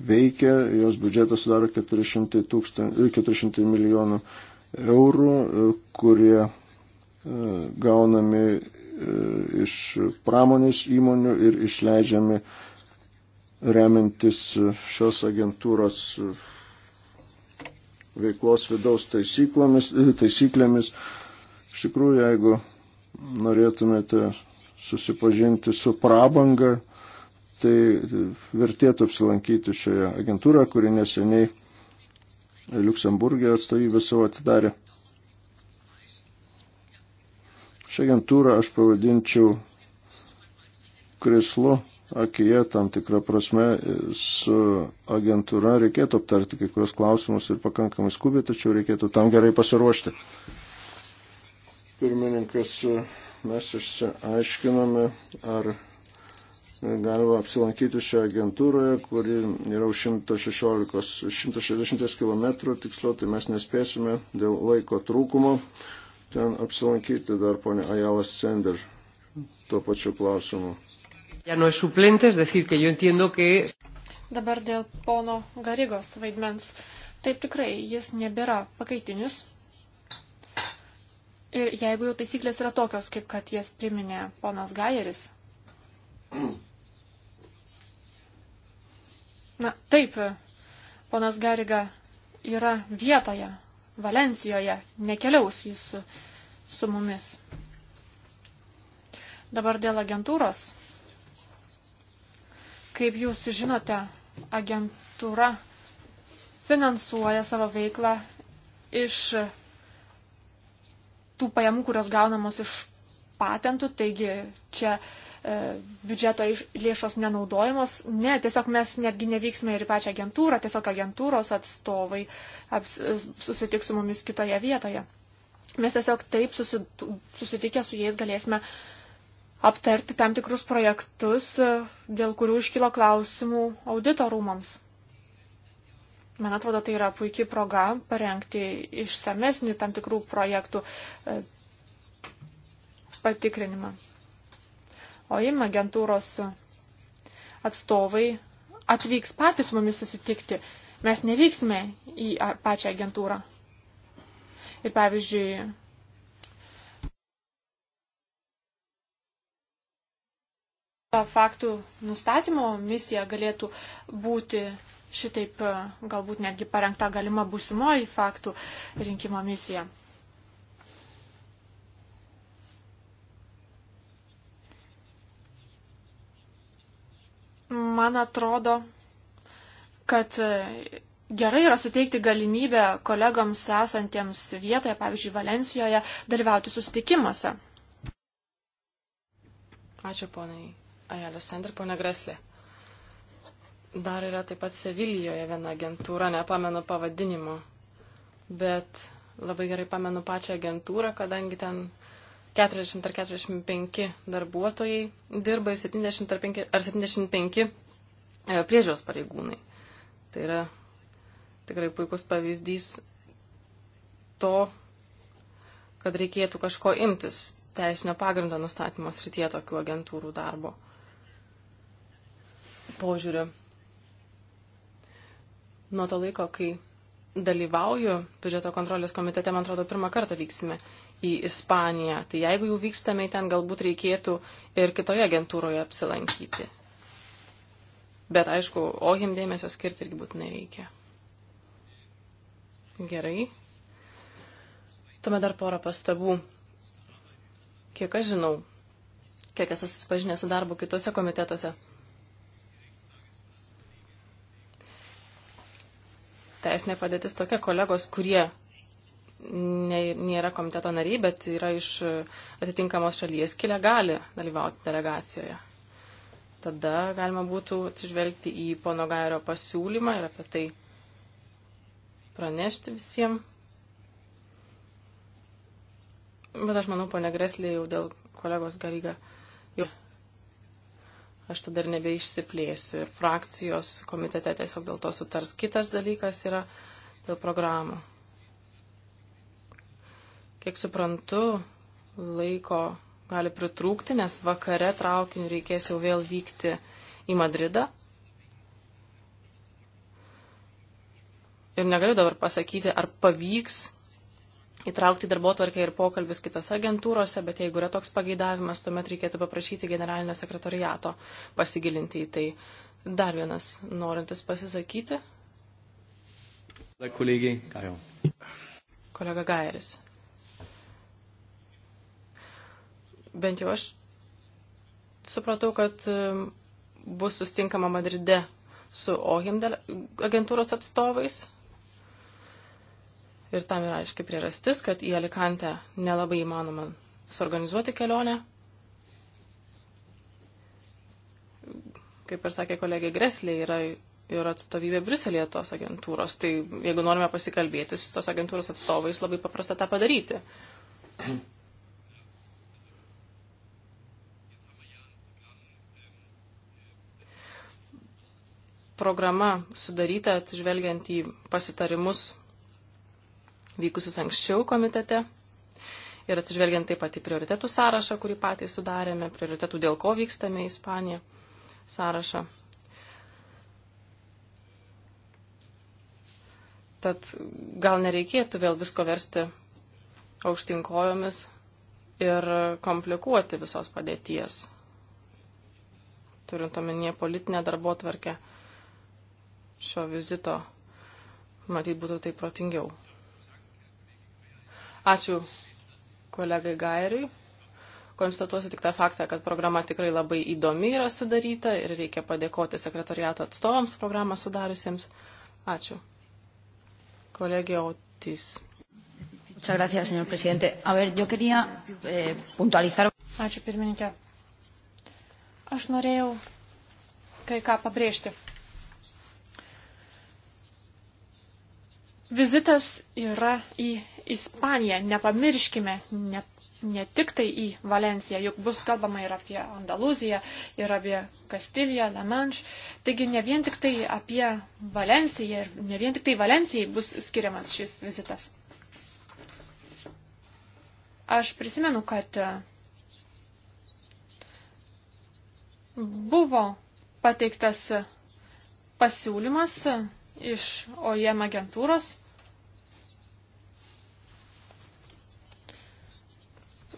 veikia. Jos biudžetas sudaro 400, tūkstan, 400 milijonų eurų, kurie gaunami iš pramonės įmonių ir išleidžiami remiantis šios agentūros veiklos vidaus taisyklėmis. taisyklėmis. Iš tikrųjų, jeigu norėtumėte susipažinti su prabanga, tai vertėtų apsilankyti šioje agentūroje, kuri neseniai Luksemburgė atstovybę savo atidarė. Šią agentūrą aš pavadinčiau krislu akyje tam tikrą prasme su agentūra reikėtų aptarti kai kurios klausimus ir pakankamai skubiai, tačiau reikėtų tam gerai pasiruošti. Pirmininkas, mes išsiaiškiname, ar galima apsilankyti šioje agentūroje, kuri yra už 116, 160 km, tiksliau, tai mes nespėsime dėl laiko trūkumo ten apsilankyti dar ponė Ajalas Sender tuo pačiu klausimu. Dabar dėl pono Garygos vaidmens. Taip tikrai, jis nebėra pakaitinis, Ir jeigu jau taisyklės yra tokios, kaip kad jas priminė ponas Gajeris. Na, taip, ponas Gariga yra vietoje, Valencijoje, nekeliaus jis su, su mumis. Dabar dėl agentūros. Kaip jūs žinote, agentūra finansuoja savo veiklą iš tų pajamų, kurios gaunamos iš patentų, taigi čia e, biudžeto iš, lėšos nenaudojamos. Ne, tiesiog mes netgi nevyksime ir į pačią agentūrą, tiesiog agentūros atstovai aps, e, susitiks su mumis kitoje vietoje. Mes tiesiog taip susi, susitikę su jais galėsime aptarti tam tikrus projektus, e, dėl kurių iškilo klausimų auditorumams. Man atrodo, tai yra puikia proga parengti išsamesnį tam tikrų projektų e, patikrinimą. O im agentūros atstovai atvyks patys su mumis susitikti. Mes nevyksime į pačią agentūrą. Ir pavyzdžiui, faktų nustatymo misija galėtų būti šitaip e, galbūt netgi parengta galima būsimoji faktų rinkimo misija. Man atrodo, kad e, gerai yra suteikti galimybę kolegoms esantiems vietoje, pavyzdžiui, Valencijoje, dalyvauti susitikimuose. Ačiū ponai Ajalė Sender, ponė Greslė. Dar yra taip pat Sevilijoje viena agentūra, nepamenu pavadinimo, bet labai gerai pamenu pačią agentūrą, kadangi ten 40 ar 45 darbuotojai dirba ir 70 ar, 5, ar 75 e, priežiūros pareigūnai. Tai yra tikrai puikus pavyzdys to, kad reikėtų kažko imtis teisinio pagrindo nustatymo srityje tokių agentūrų darbo požiūriu nuo to laiko, kai dalyvauju biudžeto kontrolės komitete, man atrodo, pirmą kartą vyksime į Ispaniją. Tai jeigu jau vykstame į ten, galbūt reikėtų ir kitoje agentūroje apsilankyti. Bet aišku, OHIM dėmesio skirti irgi būtinai reikia. Gerai. Tuomet dar porą pastabų. Kiek aš žinau, kiek esu susipažinęs su darbu kitose komitetuose, teisinė padėtis tokia, kolegos, kurie ne, nėra komiteto nariai, bet yra iš atitinkamos šalies kilę, gali dalyvauti delegacijoje. Tada galima būtų atsižvelgti į pono Gairio pasiūlymą ir apie tai pranešti visiems. Bet aš manau, ponė Greslė jau dėl kolegos Garyga Aš tada dar nebeišsiplėsiu ir frakcijos komitete tiesiog dėl to sutars. Kitas dalykas yra dėl programų. Kiek suprantu, laiko gali pritrūkti, nes vakare traukiniu reikės jau vėl vykti į Madridą. Ir negaliu dabar pasakyti, ar pavyks įtraukti darbo tvarkę ir pokalbius kitose agentūrose, bet jeigu yra toks pageidavimas, tuomet reikėtų paprašyti generalinio sekretoriato pasigilinti į tai. Dar vienas norintis pasisakyti. Kolega Gairis. Bent jau aš supratau, kad e, bus sustinkama Madride su OHIM agentūros atstovais, Ir tam yra aiškiai priežastis, kad į Alicantę nelabai įmanoma suorganizuoti kelionę. Kaip ir sakė kolegė Greslė, yra ir atstovybė Briuselėje tos agentūros. Tai jeigu norime pasikalbėti su tos agentūros atstovais, labai paprasta tą padaryti. Programa sudaryta atsižvelgiant į pasitarimus vykusius anksčiau komitete. Ir atsižvelgiant taip pat į prioritetų sąrašą, kurį patys sudarėme, prioritetų dėl ko vykstame į Ispaniją sąrašą. Tad gal nereikėtų vėl visko versti aukštinkojomis ir komplikuoti visos padėties, turint omenyje politinę darbo tvarkę šio vizito, matyt, būtų tai protingiau. Ačiū kolegai Gairiui. Konstatuosiu tik tą faktą, kad programa tikrai labai įdomi yra sudaryta ir reikia padėkoti sekretariato atstovams programą sudariusiems. Ačiū. Kolegė Otis. Muchas gracias, señor presidente. A ver, yo quería eh, puntualizar. Ačiū, pirmininkė. Aš norėjau kai ką pabrėžti. Vizitas yra į Ispaniją. Nepamirškime ne, ne tik tai į Valenciją, juk bus kalbama ir apie Andaluziją, ir apie Kastiliją, La Manche. Taigi ne vien tik tai apie Valenciją ir ne vien tik tai Valencijai bus skiriamas šis vizitas. Aš prisimenu, kad e, buvo pateiktas pasiūlymas iš OEM agentūros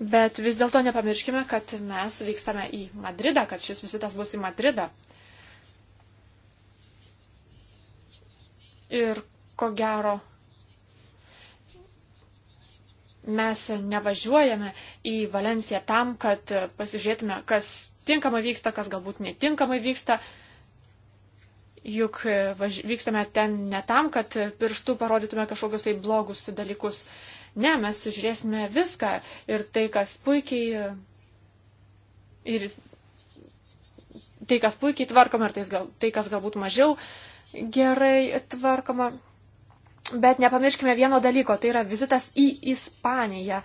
Bet vis dėlto nepamirškime, kad mes vykstame į Madridą, kad šis vizitas bus į Madridą. Ir ko gero, mes nevažiuojame į Valenciją tam, kad pasižiūrėtume, kas tinkamai vyksta, kas galbūt netinkamai vyksta. Juk vykstame ten ne tam, kad pirštų parodytume kažkokius tai blogus dalykus. Ne, mes žiūrėsime viską ir tai, kas puikiai. Ir tai, kas puikiai tvarkoma, ir tai, tai, kas galbūt mažiau gerai tvarkoma. Bet nepamirškime vieno dalyko, tai yra vizitas į Ispaniją.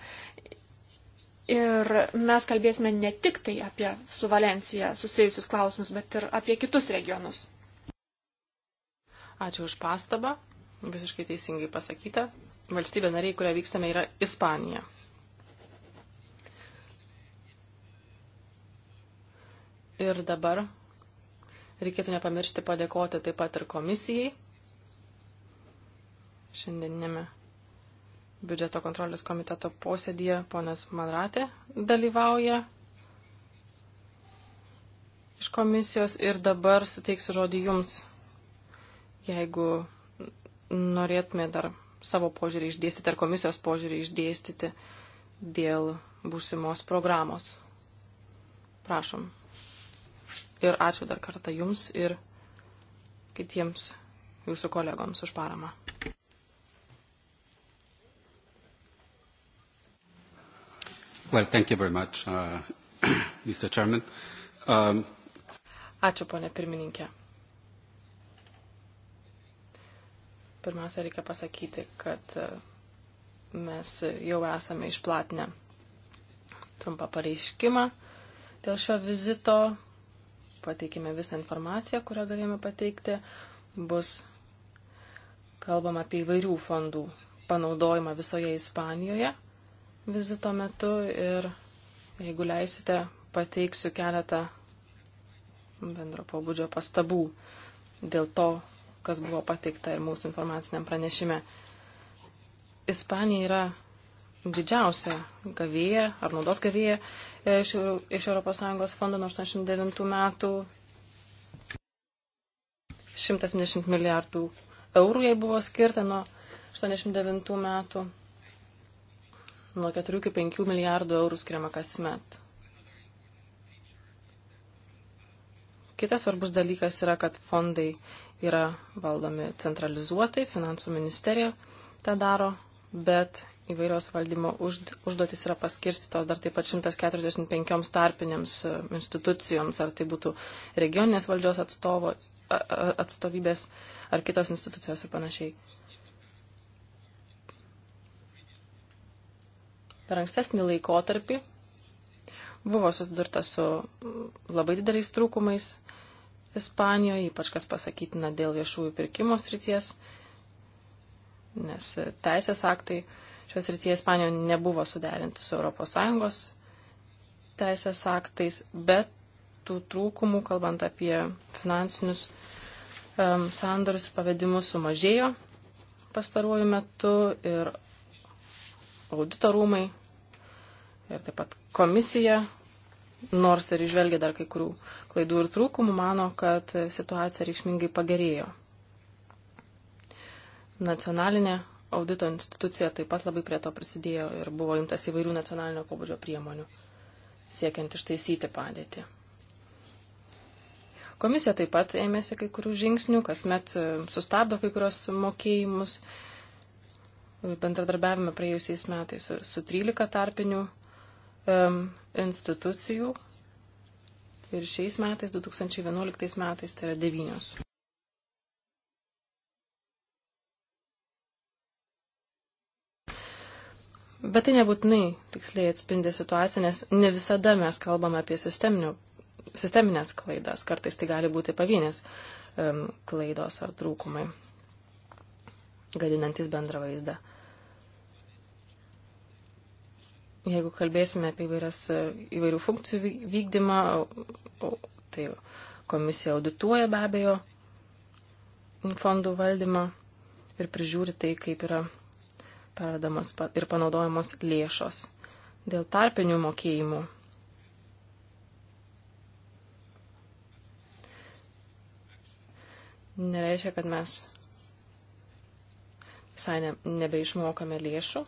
Ir mes kalbėsime ne tik tai apie su Valencija susijusius klausimus, bet ir apie kitus regionus. Ačiū už pastabą. Visiškai teisingai pasakyta valstybė nariai, kurią vykstame, yra Ispanija. Ir dabar reikėtų nepamiršti padėkoti taip pat ir komisijai šiandieninėme biudžeto kontrolės komiteto posėdėje ponas Manratė dalyvauja iš komisijos ir dabar suteiksiu žodį jums, jeigu norėtumėte dar savo požiūrį išdėstyti ar komisijos požiūrį išdėstyti dėl būsimos programos. Prašom. Ir ačiū dar kartą Jums ir kitiems Jūsų kolegoms už paramą. Well, thank you very much, uh, Mr. Chairman. Um, Ačiū, ponė pirmininkė. Pirmiausia, reikia pasakyti, kad e, mes jau esame išplatinę trumpą pareiškimą dėl šio vizito. Pateikime visą informaciją, kurią galėjome pateikti. Bus kalbama apie įvairių fondų panaudojimą visoje Ispanijoje vizito metu ir jeigu leisite, pateiksiu keletą bendro pobūdžio pastabų dėl to, kas buvo pateikta ir mūsų informaciniam pranešime. Ispanija yra didžiausia gavėja ar naudos gavėja e, iš, iš ES fondo nuo 89 metų. 120 milijardų eurų jai buvo skirta nuo 89 metų. Nuo 4 iki 5 milijardų eurų skiriama kasmet. Kitas svarbus dalykas yra, kad fondai yra valdomi centralizuotai, finansų ministerija tą daro, bet įvairios valdymo užduotis yra paskirstytos dar taip pat 145 tarpinėms e, institucijoms, ar tai būtų regioninės valdžios atstovo, atstovybės ar kitos institucijos ir panašiai. Per ankstesnį laikotarpį buvo susidurta su labai dideliais trūkumais Ispanijoje, ypač kas pasakytina dėl viešųjų pirkimų srities, nes teisės aktai šios srities Ispanijoje nebuvo suderinti su ES teisės aktais, bet tų trūkumų, kalbant apie finansinius um, sandorius ir pavedimus, sumažėjo pastaruoju metu ir auditorumai ir taip pat komisija nors ir išvelgia dar kai kurių klaidų ir trūkumų, mano, kad situacija reikšmingai pagerėjo. Nacionalinė audito institucija taip pat labai prie to prisidėjo ir buvo imtas įvairių nacionalinio pobūdžio priemonių, siekiant ištaisyti padėtį. Komisija taip pat ėmėsi kai kurių žingsnių, kasmet e, sustabdo kai kurios mokėjimus. Bendradarbiavime praėjusiais metais su, su 13 tarpinių institucijų ir šiais metais, 2011 metais, tai yra devynios. Bet tai nebūtinai tiksliai atspindi situaciją, nes ne visada mes kalbame apie sisteminės klaidas. Kartais tai gali būti pavienės um, klaidos ar trūkumai, gadinantis bendrą vaizdą. Uh, jeigu kalbėsime apie įvairias, e, įvairių funkcijų vykdymą, o, tai komisija audituoja be abejo fondų valdymą ir prižiūri tai, kaip yra pervedamos ir panaudojamos lėšos dėl tarpinių mokėjimų. Nereiškia, kad mes visai ne, nebeišmokame lėšų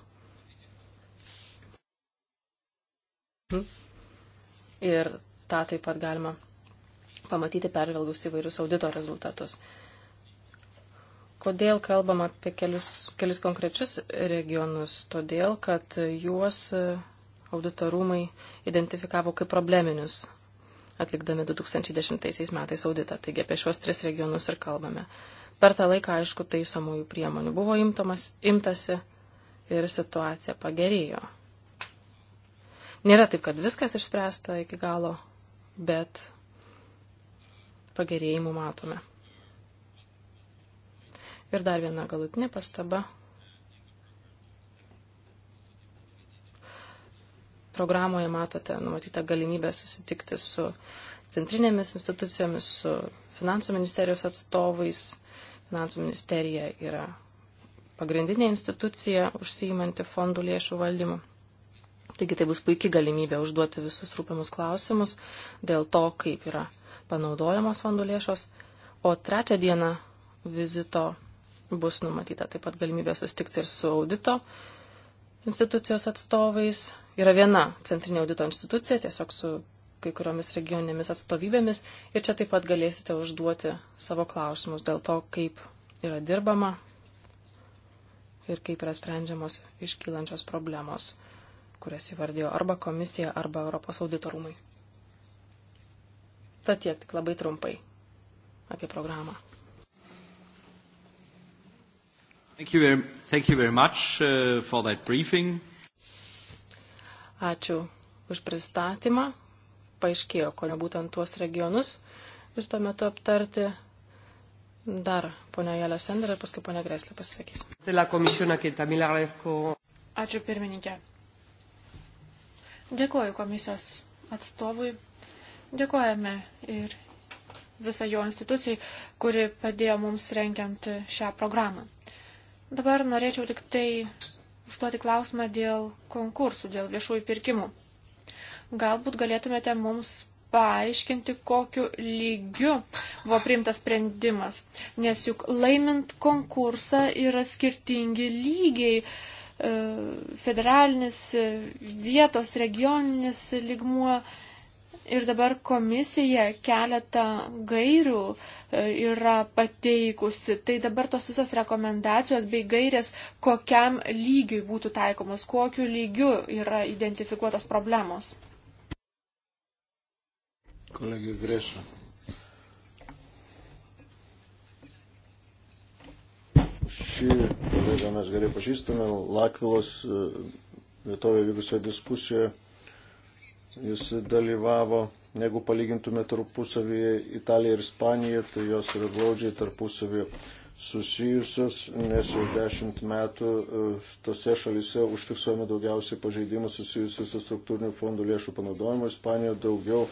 Ir tą taip pat galima pamatyti peržvelgus įvairius audito rezultatus. Kodėl kalbam apie kelius, kelius konkrečius regionus? Todėl, kad juos auditorumai identifikavo kaip probleminius, atlikdami 2010 metais auditą. Taigi apie šios tris regionus ir kalbame. Per tą laiką, aišku, taisomųjų priemonių buvo imtamas, imtasi ir situacija pagerėjo. Nėra taip, kad viskas išspręsta iki galo, bet pagerėjimų matome. Ir dar viena galutinė pastaba. Programoje matote numatytą galimybę susitikti su centrinėmis institucijomis, su finansų ministerijos atstovais. Finansų ministerija yra pagrindinė institucija užsiimanti fondų lėšų valdymu. Taigi tai bus puikia galimybė užduoti visus rūpimus klausimus dėl to, kaip yra panaudojamos fondų lėšos. O trečią dieną vizito bus numatyta taip pat galimybė sustikti ir su audito institucijos atstovais. Yra viena centrinė audito institucija, tiesiog su kai kuriomis regioninėmis atstovybėmis. Ir čia taip pat galėsite užduoti savo klausimus dėl to, kaip yra dirbama ir kaip yra sprendžiamos iškylančios problemos kurias įvardėjo arba komisija, arba Europos auditorumai. Tad tiek tik labai trumpai apie programą. Thank you very, thank you very much uh, for that briefing. Ačiū už pristatymą. Paaiškėjo, kodėl būtent tuos regionus vis tuo metu aptarti. Dar ponia Jelė Sender ir paskui ponia Greslė pasisakys. Ačiū pirmininkė. Dėkoju komisijos atstovui. Dėkojame ir visą jo institucijai, kuri padėjo mums rengiant šią programą. Dabar norėčiau tik tai užduoti klausimą dėl konkursų, dėl viešųjų pirkimų. Galbūt galėtumėte mums paaiškinti, kokiu lygiu buvo priimtas sprendimas, nes juk laimint konkursą yra skirtingi lygiai E, federalinis, e, vietos, regioninis ligmuo. Ir dabar komisija keletą gairių e, yra pateikusi. Tai dabar tos visos rekomendacijos bei gairės, kokiam lygiui būtų taikomos, kokiu lygiu yra identifikuotos problemos. Kolegija Grešna. Šį kolegą mes gerai pažįstame, Lakvilos e, vietovė vyrusioje diskusijoje jis dalyvavo, jeigu palygintume tarpusavyje Italiją ir Ispaniją, tai jos yra glaudžiai tarpusavyje susijusios, nes jau dešimt metų e, tose šalise užfiksuojame daugiausiai pažeidimų susijusių su struktūrinių fondų lėšų panaudojimu, Ispanijoje daugiau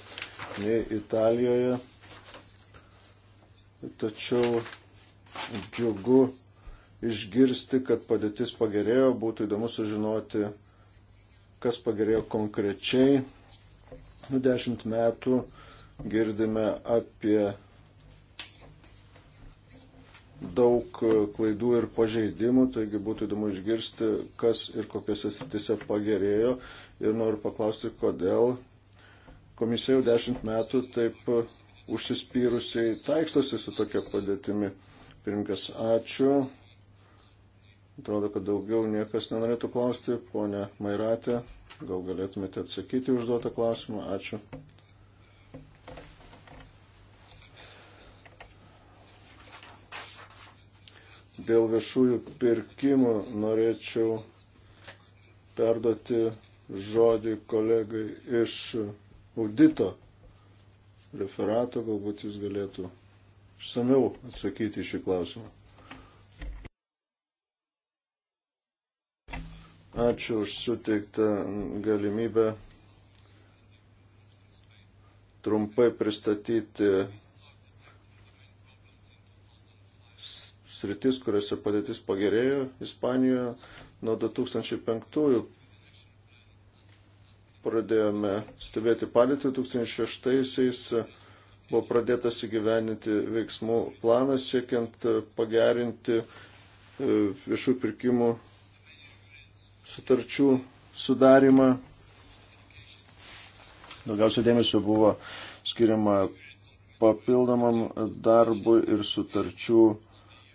nei Italijoje. Tačiau džiugu išgirsti, kad padėtis pagerėjo, būtų įdomu sužinoti, kas pagerėjo konkrečiai. Nu, dešimt metų girdime apie daug klaidų ir pažeidimų, taigi būtų įdomu išgirsti, kas ir kokiose sritise pagerėjo. Ir noriu paklausti, kodėl komisija jau dešimt metų taip užsispyrusiai taikstosi su tokia padėtimi. Pirmkas, ačiū. Atrodo, kad daugiau niekas nenorėtų klausti. Pone Mairatė, gal galėtumėte atsakyti užduotą klausimą. Ačiū. Dėl viešųjų pirkimų norėčiau perduoti žodį kolegai iš audito referato, galbūt jis galėtų išsameu atsakyti šį klausimą. Ačiū už suteiktą galimybę trumpai pristatyti sritis, kuriuose padėtis pagerėjo Ispanijoje. Nuo 2005 pradėjome stebėti padėtį, 2006-aisiais buvo pradėtas įgyveninti veiksmų planas siekiant pagerinti e, viešų pirkimų sutarčių sudarimą. Daugiausia dėmesio buvo skiriama papildomam darbui ir sutarčių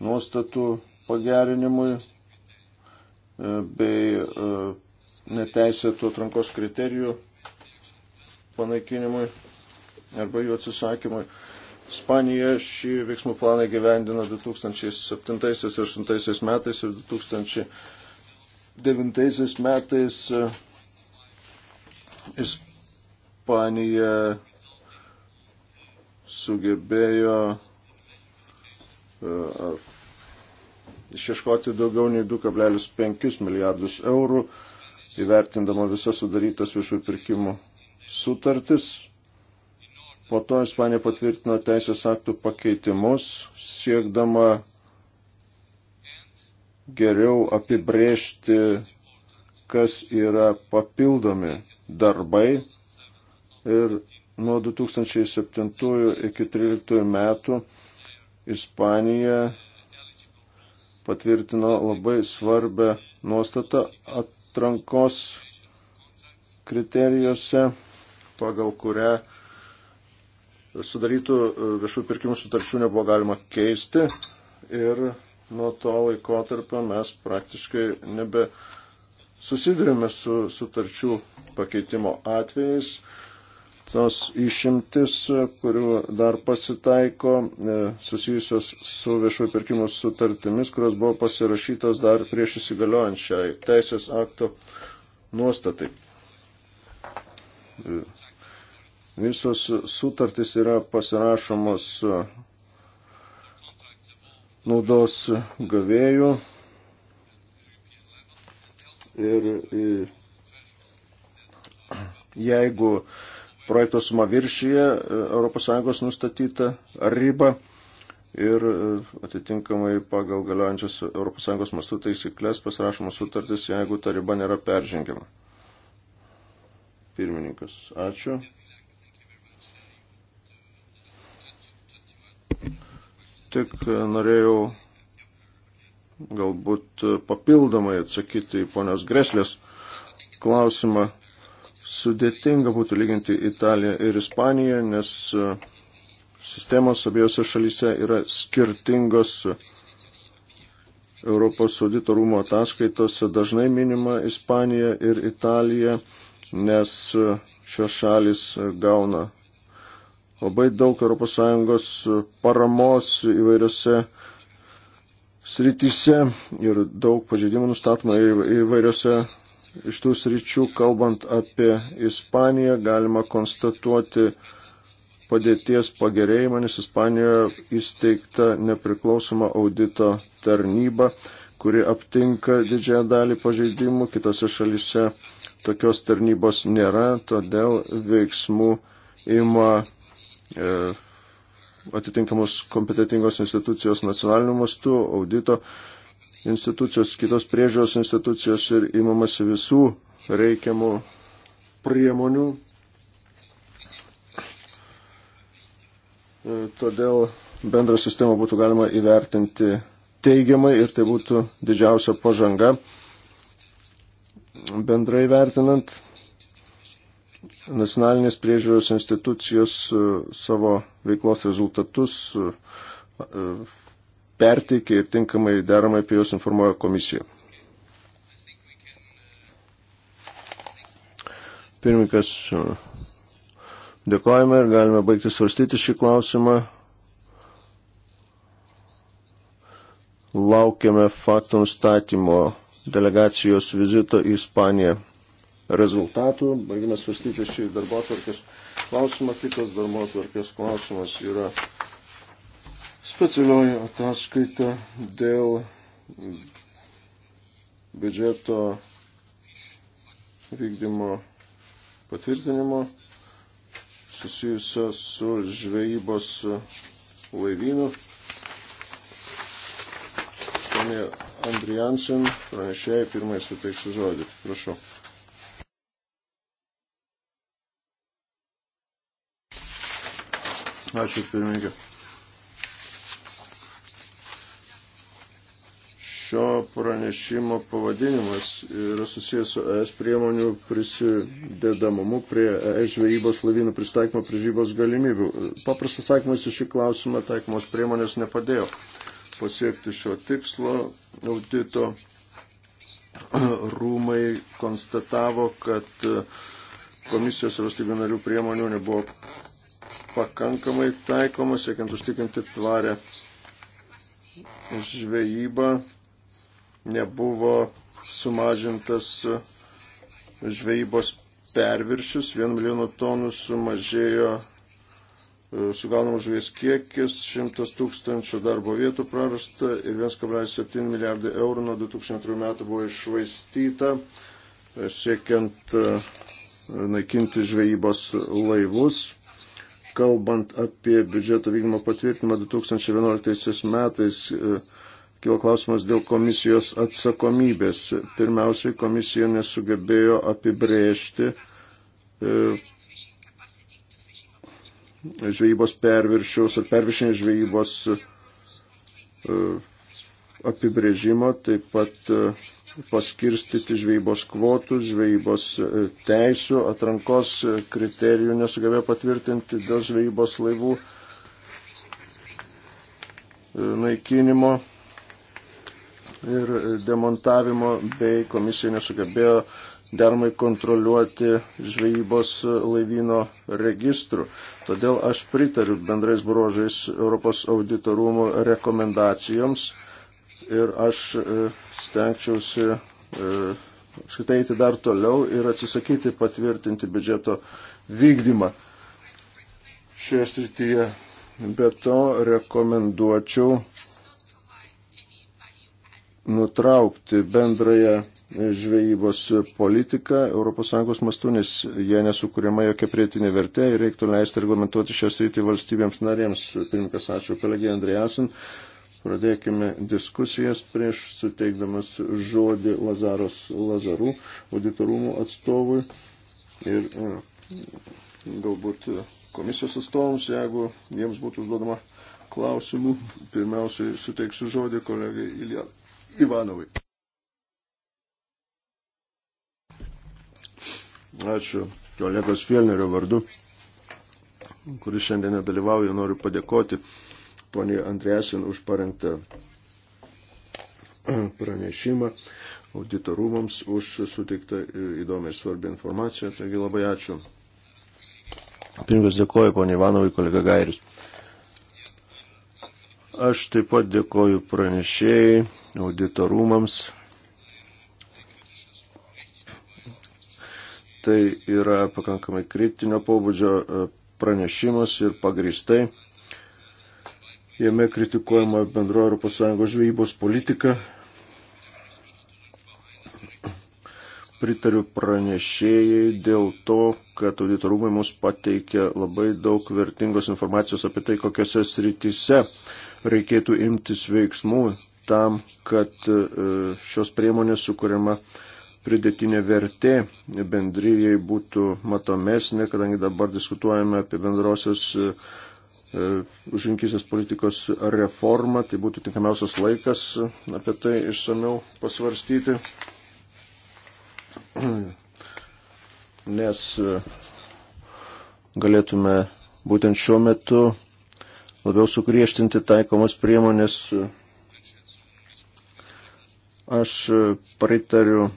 nuostatų pagerinimui e, bei e, neteisėtų atrankos kriterijų panaikinimui arba jų atsisakymui. Ispanija šį veiksmų planą gyvendino 2007 ir 2008 metais ir 2000. 2009 metais e, Ispanija sugebėjo e, išieškoti daugiau nei 2,5 milijardus eurų, įvertindama visas sudarytas viešųjų pirkimų sutartis. Po to Ispanija patvirtino teisės aktų pakeitimus, siekdama geriau apibrėžti, kas yra papildomi darbai. Ir nuo 2007 iki 2013 metų Ispanija patvirtino labai svarbę nuostatą atrankos kriterijose, pagal kurią sudarytų viešų pirkimų sutarčių nebuvo galima keisti ir nuo to laikotarpio mes praktiškai nebe susidurime su sutarčių pakeitimo atvejais. Tos išimtis, kurių dar pasitaiko, e, susijusios su viešųjų pirkimų sutartimis, kurios buvo pasirašytos dar prieš įsigaliojant šiai teisės akto nuostatai. E, visos sutartys yra pasirašomos naudos gavėjų ir jeigu projekto suma viršyje ES nustatytą ribą ir e, atitinkamai pagal galiojančias ES mastų taisyklės pasirašomas sutartis, jeigu ta riba nėra peržengiama. Pirmininkas, ačiū. tik norėjau galbūt papildomai atsakyti į ponios Greslės klausimą. Sudėtinga būtų lyginti Italiją ir Ispaniją, nes sistemos abiejose šalyse yra skirtingos. Europos audito rūmo ataskaitose dažnai minima Ispanija ir Italija, nes šios šalis gauna labai daug ES e, paramos įvairiose srityse ir daug pažeidimų nustatoma įvairiose iš tų sričių. Kalbant apie Ispaniją, galima konstatuoti padėties pagerėjimą, nes Ispanijoje įsteigta nepriklausoma audito tarnyba, kuri aptinka didžiąją dalį pažeidimų, kitose šalise tokios tarnybos nėra, todėl veiksmų ima E, atitinkamos kompetitingos institucijos nacionaliniu mastu, audito institucijos, kitos priežiūros institucijos ir įmamasi visų reikiamų priemonių. E, todėl bendrą sistemą būtų galima įvertinti teigiamai ir tai būtų didžiausia pažanga bendrai vertinant nacionalinės priežiūros institucijos e, savo veiklos rezultatus e, e, perteikia ir tinkamai deramai apie juos informuoja komisija. Pirmininkas, dėkojame ir galime baigti svarstyti šį klausimą. Laukiame faktų nustatymo delegacijos vizito į Ispaniją rezultatų. Baigime svarstyti šį darbo atvarkės klausimą. Kitas darbo atvarkės klausimas yra specialioji ataskaita dėl biudžeto vykdymo patvirtinimo susijusio su žvejybos laivynu. Ponė Andrijansen, pranešėjai, pirmai suteiksiu žodį. Prašau. Ačiū pirmininkė. Šio pranešimo pavadinimas yra susijęs su ES priemonių prisidedamumu prie ES žvejybos lavinų pristaikymo prie žvejybos galimybių. Paprastas sakymas į šį klausimą taikomos priemonės nepadėjo pasiekti šio tikslo. Audito rūmai konstatavo, kad komisijos valstybių narių priemonių nebuvo pakankamai taikoma, siekiant užtikrinti tvarę žvejybą, nebuvo sumažintas žvejybos perviršius, 1 milijono tonų sumažėjo e, sugaunamų žuvies kiekis, 100 tūkstančių darbo vietų prarasta ir 1,7 milijardai eurų nuo 2002 metų buvo išvaistyta e, siekiant e, naikinti žvejybos laivus kalbant apie biudžeto vykdymo patvirtinimą 2011 metais, e, kilo klausimas dėl komisijos atsakomybės. Pirmiausiai komisija nesugebėjo apibrėžti e, žvejybos perviršiaus ar perviršinės žvejybos e, apibrėžimo, taip pat paskirstyti žvejybos kvotų, žvejybos e, teisų, atrankos e, kriterijų nesugebėjo patvirtinti dėl žvejybos laivų e, naikinimo ir demontavimo, bei komisija nesugebėjo dermai kontroliuoti žvejybos laivyno registrų. Todėl aš pritariu bendrais bruožais Europos auditorumo rekomendacijoms ir aš e, stengčiausi e, skitaiti dar toliau ir atsisakyti patvirtinti biudžeto vykdymą šioje srityje. Be to rekomenduočiau nutraukti bendrąją žvejybos politiką ES mastu, nes jie nesukūrėma jokia prietinė vertė ir reiktų leisti reglamentuoti šią sritį valstybėms narėms. Pirmkas, ačiū kolegijai Andrėjasin. Pradėkime diskusijas prieš suteikdamas žodį Lazaros Lazarų auditorumų atstovui ir e, galbūt komisijos atstovams, jeigu jiems būtų užduodama klausimų. Pirmiausiai suteiksiu žodį kolegai Ilija Ivanovai. Ačiū kolegos Fielnerio vardu, kuris šiandien nedalyvauja, noriu padėkoti poniai Andresin už parengtą pranešimą, auditorumams už suteiktą įdomią ir svarbią informaciją. Taigi labai ačiū. Pinigas dėkoju, poniai Ivanovai, kolega Gairis. Aš taip pat dėkoju pranešėjai, auditorumams. Tai yra pakankamai kritinio pobūdžio pranešimas ir pagristai Jame kritikuojama bendro ES žvejybos politika. Pritariu pranešėjai dėl to, kad auditorumai mus pateikia labai daug vertingos informacijos apie tai, kokiose srityse reikėtų imtis veiksmų tam, kad e, šios priemonės sukūrima pridėtinė vertė bendryjai būtų matomesnė, kadangi dabar diskutuojame apie bendrosios e, E, žininkysės politikos reformą, tai būtų tinkamiausias laikas apie tai išsamiau pasvarstyti, nes e, galėtume būtent šiuo metu labiau sugriežtinti taikomas priemonės. Aš e, pritariu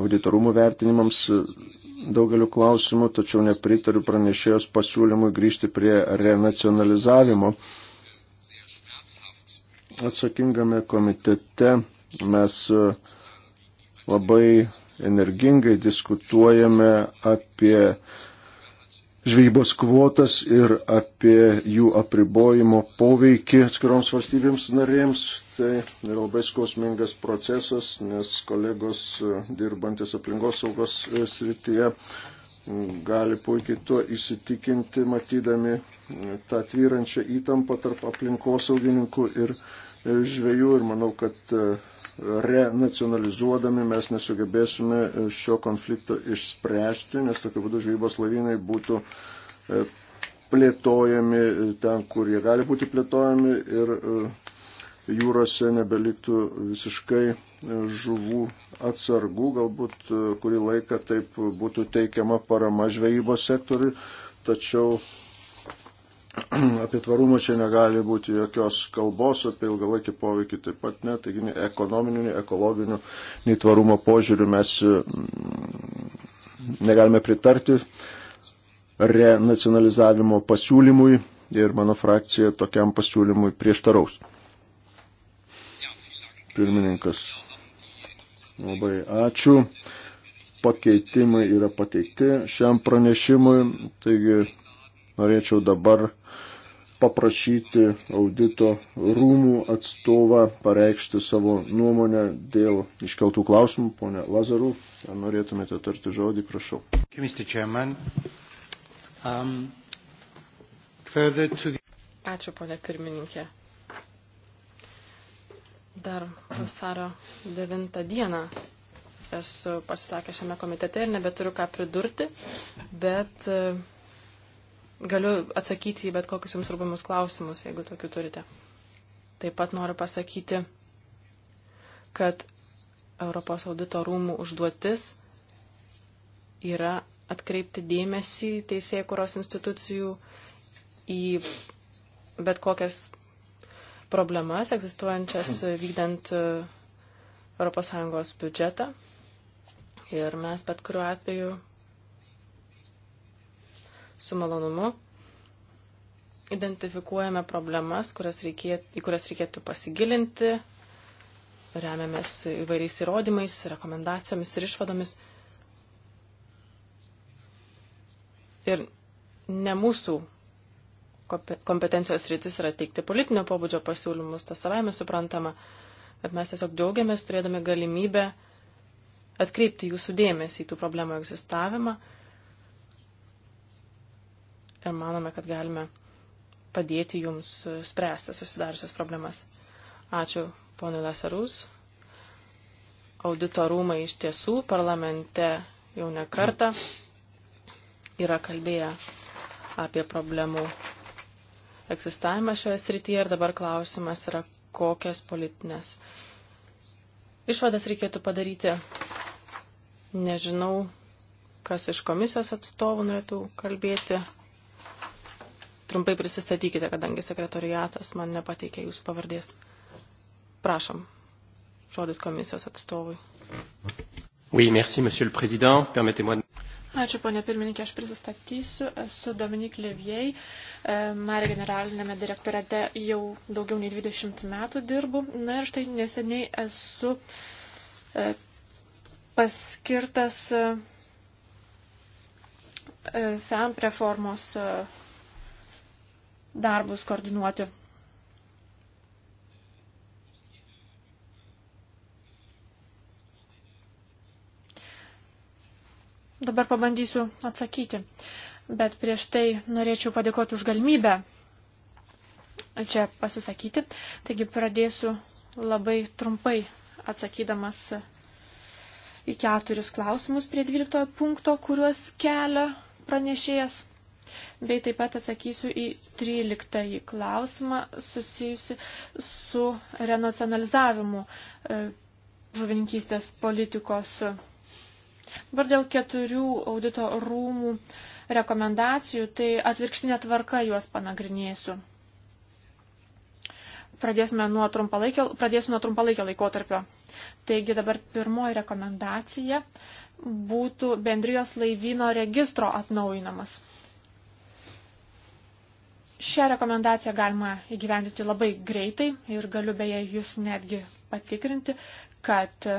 auditorumų vertinimams daugeliu klausimų, tačiau nepritariu pranešėjos pasiūlymui grįžti prie renacionalizavimo. Atsakingame komitete mes e, labai energingai diskutuojame apie žvejybos kvotas ir apie jų apribojimo poveikį atskiroms valstybėms narėms. Tai yra labai skausmingas procesas, nes kolegos e, dirbantis aplinkos saugos e, srityje gali puikiai tuo įsitikinti, matydami e, tą tvyrančią įtampą tarp aplinkosaugininkų ir žvėjų ir manau, kad e, renacionalizuodami mes nesugebėsime e, šio konflikto išspręsti, nes tokiu būdu žvejybos lavinai būtų e, plėtojami ten, kur jie gali būti plėtojami ir jūrose nebeliktų visiškai žuvų atsargų, galbūt kurį laiką taip būtų teikiama parama žvejybos sektoriui, tačiau apie tvarumą čia negali būti jokios kalbos, apie ilgalaikį poveikį taip pat ne, taigi nei ekonominių, nei ekologinių, nei tvarumo požiūrių mes mm, negalime pritarti renacionalizavimo pasiūlymui ir mano frakcija tokiam pasiūlymui prieštaraus. Pirmininkas. Labai ačiū. Pakeitimai yra pateikti šiam pranešimui, taigi norėčiau dabar paprašyti audito rūmų atstovą pareikšti savo nuomonę dėl iškeltų klausimų. Pone Lazarų, ar norėtumėte tarti žodį, prašau. Um, Ačiū, ponė pirmininkė. Dar vasario 9 dieną esu pasisakęs šiame komitete ir nebeturiu ką pridurti, bet uh, galiu atsakyti į bet kokius jums rūpimus klausimus, jeigu tokių turite. Taip pat noriu pasakyti, kad Europos audito rūmų užduotis yra atkreipti dėmesį teisėjų kuros institucijų į bet kokias problemas egzistuojančias vykdant ES biudžetą. Ir mes bet kuriuo atveju su malonumu identifikuojame problemas, kurias reikėtų, į kurias reikėtų pasigilinti, remiamės įvairiais įrodymais, rekomendacijomis ir išvadomis. Ir ne mūsų kompetencijos rytis yra teikti politinio pobūdžio pasiūlymus, tas savai mes suprantama, bet mes tiesiog džiaugiamės turėdami galimybę atkreipti jūsų dėmesį į tų problemų egzistavimą ir manome, kad galime padėti jums spręsti susidariusias problemas. Ačiū, ponai Lasarus. Audito rūmai iš tiesų parlamente jau nekarta yra kalbėję apie problemų egzistavimą šioje srityje ir dabar klausimas yra, kokias politinės išvadas reikėtų padaryti. Nežinau, kas iš komisijos atstovų norėtų kalbėti trumpai prisistatykite, kadangi sekretoriatas man nepateikė jūsų pavardės. Prašom, žodis komisijos atstovui. Oui, merci, monsieur le président. Permettez-moi. Ačiū, ponė pirmininkė, aš prisistatysiu. Esu Dominik Levijai, e, Mare generalinėme direktorate jau daugiau nei 20 metų dirbu. Na ir štai neseniai esu e, paskirtas e, FEM reformos darbus koordinuoti. Dabar pabandysiu atsakyti, bet prieš tai norėčiau padėkoti už galimybę čia pasisakyti. Taigi pradėsiu labai trumpai atsakydamas į keturis klausimus prie dvyliktojo punkto, kuriuos kelia pranešėjas bei taip pat atsakysiu į 13 klausimą susijusi su renacionalizavimu e, žuvininkystės politikos. Dabar dėl keturių audito rūmų rekomendacijų, tai atvirkštinė tvarka juos panagrinėsiu. Pradėsime nuo trumpalaikio, pradėsiu nuo trumpalaikio laikotarpio. Taigi dabar pirmoji rekomendacija būtų bendrijos laivyno registro atnaujinamas. Šią rekomendaciją galima įgyvendyti labai greitai ir galiu beje jūs netgi patikrinti, kad e,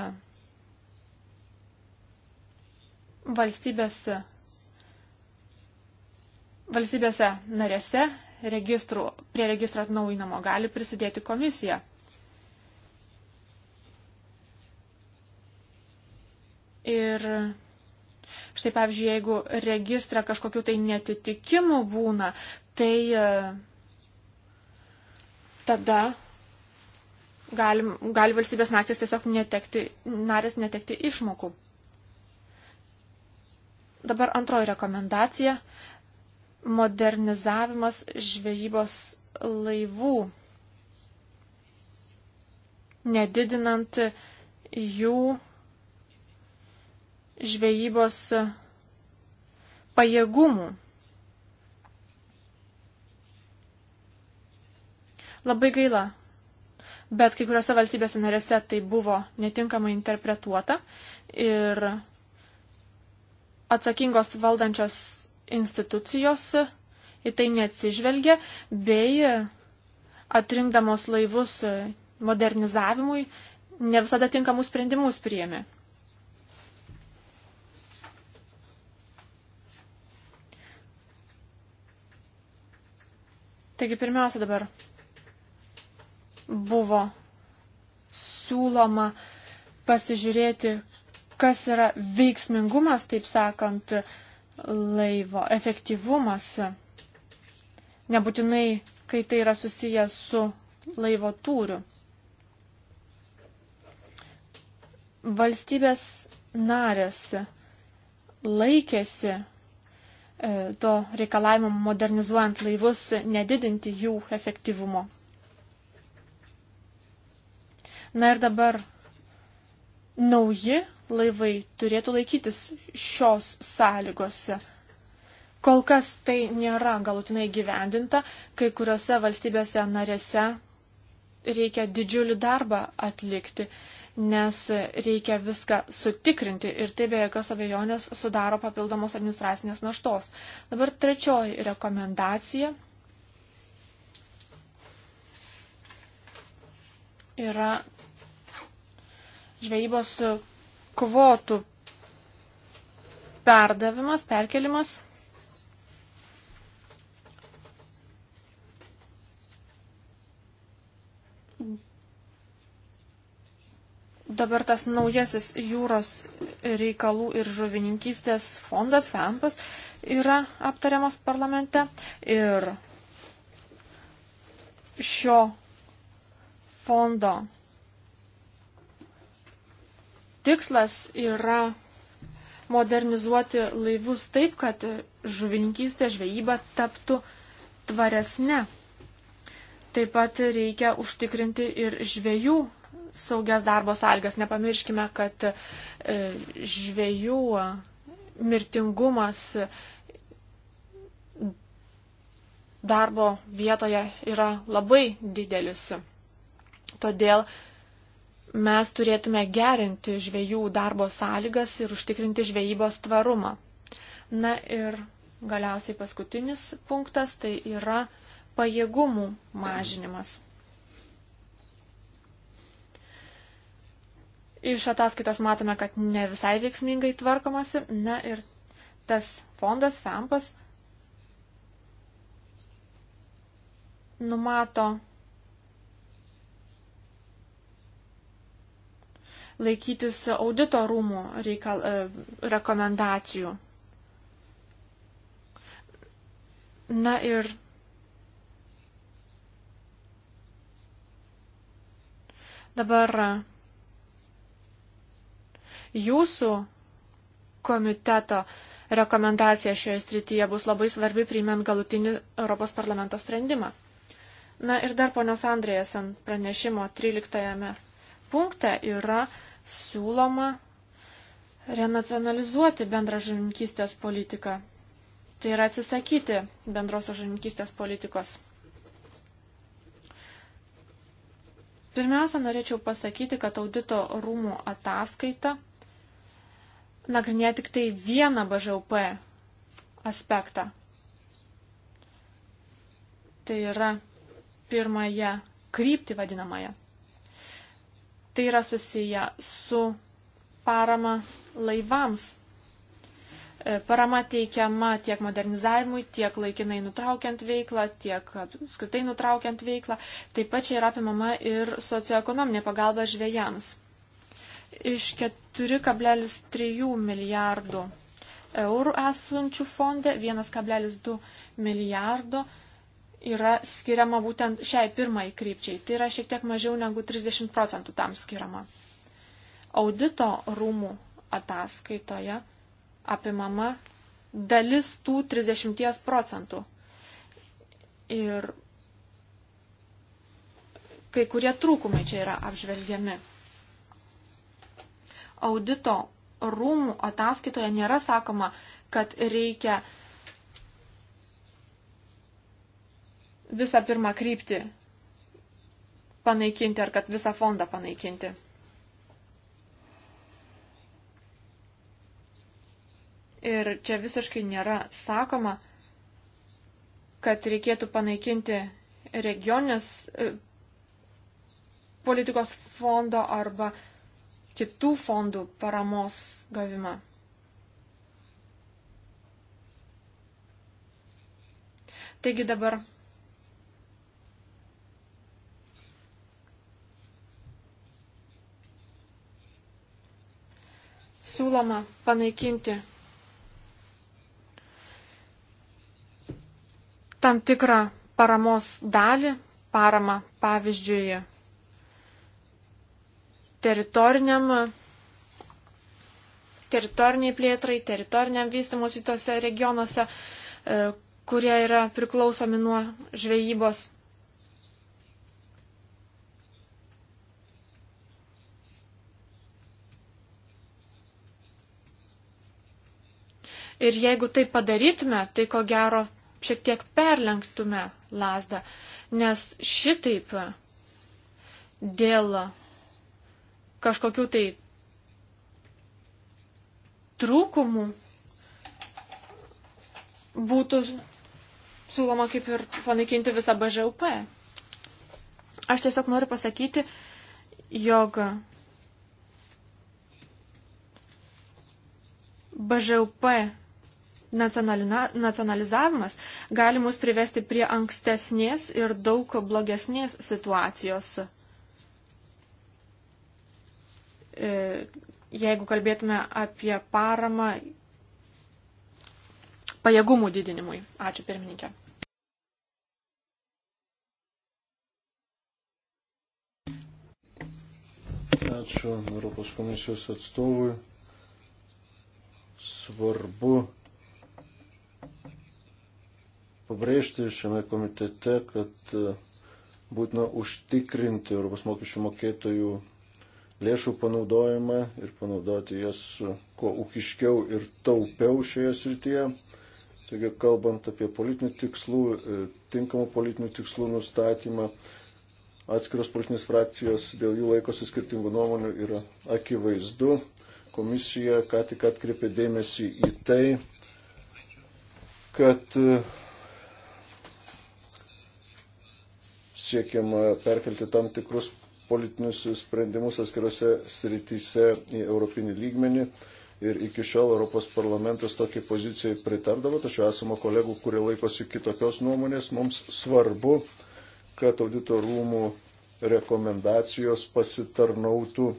valstybės, valstybėse narėse registrų, prie registro atnaujinamo gali prisidėti komisija. Ir štai pavyzdžiui, jeigu registra kažkokiu tai netitikimu būna, tai e, tada gali, gali valstybės naktys tiesiog netekti, narės netekti išmokų. Dabar antroji rekomendacija - modernizavimas žvejybos laivų, nedidinant jų žvejybos pajėgumų. Labai gaila. Bet kai kuriuose valstybėse narėse tai buvo netinkamai interpretuota ir atsakingos valdančios institucijos į tai neatsižvelgia, bei atrinkdamos laivus modernizavimui ne visada tinkamus sprendimus priėmė. Taigi pirmiausia dabar buvo siūloma pasižiūrėti, kas yra veiksmingumas, taip sakant, laivo, efektyvumas. Nebūtinai, kai tai yra susijęs su laivo tūriu. Valstybės narės laikėsi e, to reikalavimo modernizuojant laivus, nedidinti jų efektyvumo. Na ir dabar nauji laivai turėtų laikytis šios sąlygose. Kol kas tai nėra galutinai gyvendinta, kai kuriuose valstybėse narėse reikia didžiulį darbą atlikti, nes reikia viską sutikrinti ir tai be jokios abejonės sudaro papildomos administracinės naštos. Dabar trečioji rekomendacija yra žvejybos kvotų perdavimas, perkelimas. Dabar tas naujasis jūros reikalų ir žuvininkystės fondas, FEMPAS, yra aptariamas parlamente ir šio fondo tikslas yra modernizuoti laivus taip, kad žuvininkystė žvejyba taptų tvaresnė. Taip pat reikia užtikrinti ir žvėjų saugias darbo sąlygas. Nepamirškime, kad e, žvėjų mirtingumas darbo vietoje yra labai didelis. Todėl mes turėtume gerinti žvėjų darbo sąlygas ir užtikrinti žvėjybos tvarumą. Na ir galiausiai paskutinis punktas tai yra pajėgumų mažinimas. Iš ataskaitos matome, kad ne visai veiksmingai tvarkomasi. Na ir tas fondas FEMPAS numato laikytis audito rūmų reikal, e, rekomendacijų. Na ir dabar jūsų komiteto rekomendacija šioje srityje bus labai svarbi priimant galutinį Europos parlamento sprendimą. Na ir dar ponios Andrėjas ant pranešimo 13 punkte yra siūloma renacionalizuoti bendrą žuvininkystės politiką. Tai yra atsisakyti bendrosios žuvininkystės politikos. Pirmiausia, norėčiau pasakyti, kad audito rūmų ataskaita nagrinėja tik tai vieną BŽUP aspektą. Tai yra pirmąją kryptį vadinamąją. Tai yra susiję su parama laivams. E, parama teikiama tiek modernizavimui, tiek laikinai nutraukiant veiklą, tiek apskritai nutraukiant veiklą. Taip pat čia yra apimama ir socioekonominė pagalba žvėjams. Iš 4,3 milijardų eurų esančių fonde 1,2 milijardo eurų yra skiriama būtent šiai pirmai krypčiai. Tai yra šiek tiek mažiau negu 30 procentų tam skiriama. Audito rūmų ataskaitoje apimama dalis tų 30 procentų. Ir kai kurie trūkumai čia yra apžvelgiami. Audito rūmų ataskaitoje nėra sakoma, kad reikia uh, visą pirmą kryptį panaikinti ar kad visą fondą panaikinti. Ir čia visiškai nėra sakoma, kad reikėtų panaikinti regionės e, politikos fondo arba kitų fondų paramos gavimą. Taigi dabar siūloma panaikinti tam tikrą paramos dalį, paramą, pavyzdžiui, teritoriniam, teritoriniai plėtrai, teritoriniam vystimus į tose regionuose, e, kurie yra priklausomi nuo žvejybos Ir jeigu tai padarytume, tai ko gero šiek tiek perlenktume lasdą, nes šitaip dėl kažkokių tai trūkumų būtų siūloma kaip ir panaikinti visą BŽUP. Aš tiesiog noriu pasakyti, jog BŽUP nacionalizavimas gali mus privesti prie ankstesnės ir daug blogesnės situacijos. E, jeigu kalbėtume apie paramą pajėgumų didinimui. Ačiū pirmininkė. Ačiū Europos komisijos atstovui. Svarbu pabrėžti šiame komitete, kad e, būtina užtikrinti Europos mokesčių mokėtojų lėšų panaudojimą ir panaudoti jas e, kuo ūkiškiau ir taupiau šioje srityje. Taigi, kalbant apie politinių tikslų, e, tinkamų politinių tikslų nustatymą, atskiros politinės frakcijos dėl jų laikosi skirtingų nuomonių yra akivaizdu. Komisija ką tik atkreipė dėmesį į tai, kad siekiama perkelti tam tikrus politinius sprendimus atskirose srityse į europinį lygmenį. Ir iki šiol Europos parlamentas tokiai pozicijai pritardavo, tačiau esama kolegų, kurie laikosi kitokios nuomonės. Mums svarbu, kad audito rūmų rekomendacijos pasitarnautų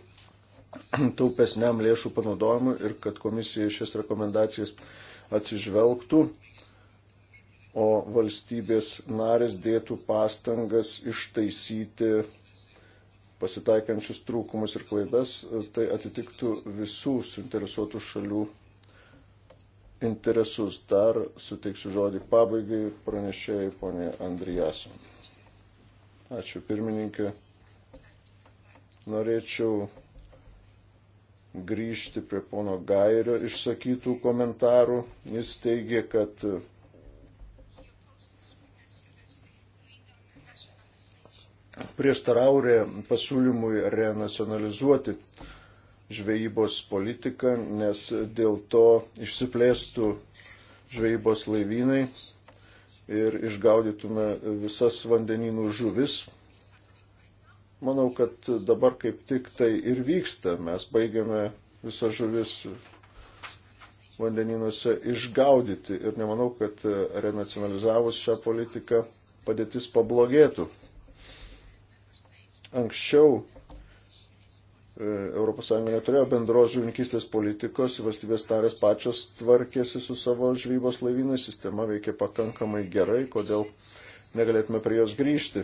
taupesniam lėšų panaudojimui ir kad komisija šias rekomendacijas atsižvelgtų o valstybės narės dėtų pastangas ištaisyti pasitaikančius trūkumus ir klaidas, tai atitiktų visų suinteresuotų šalių interesus. Dar suteiksiu žodį pabaigai pranešėjai ponė Andrijason. Ačiū pirmininkė. Norėčiau grįžti prie pono Gairio išsakytų komentarų. Jis teigia, kad prieštaraurė pasiūlymui renacionalizuoti žvejybos politiką, nes dėl to išsiplėstų žvejybos laivynai ir išgaudytume visas vandeninų žuvis. Manau, kad dabar kaip tik tai ir vyksta. Mes baigiame visas žuvis vandeninuose išgaudyti ir nemanau, kad renacionalizavus šią politiką padėtis pablogėtų. Anksčiau ES neturėjo bendros žuvininkystės politikos, valstybės tarės pačios tvarkėsi su savo žvybos laivynais, sistema veikė pakankamai gerai, kodėl negalėtume prie jos grįžti.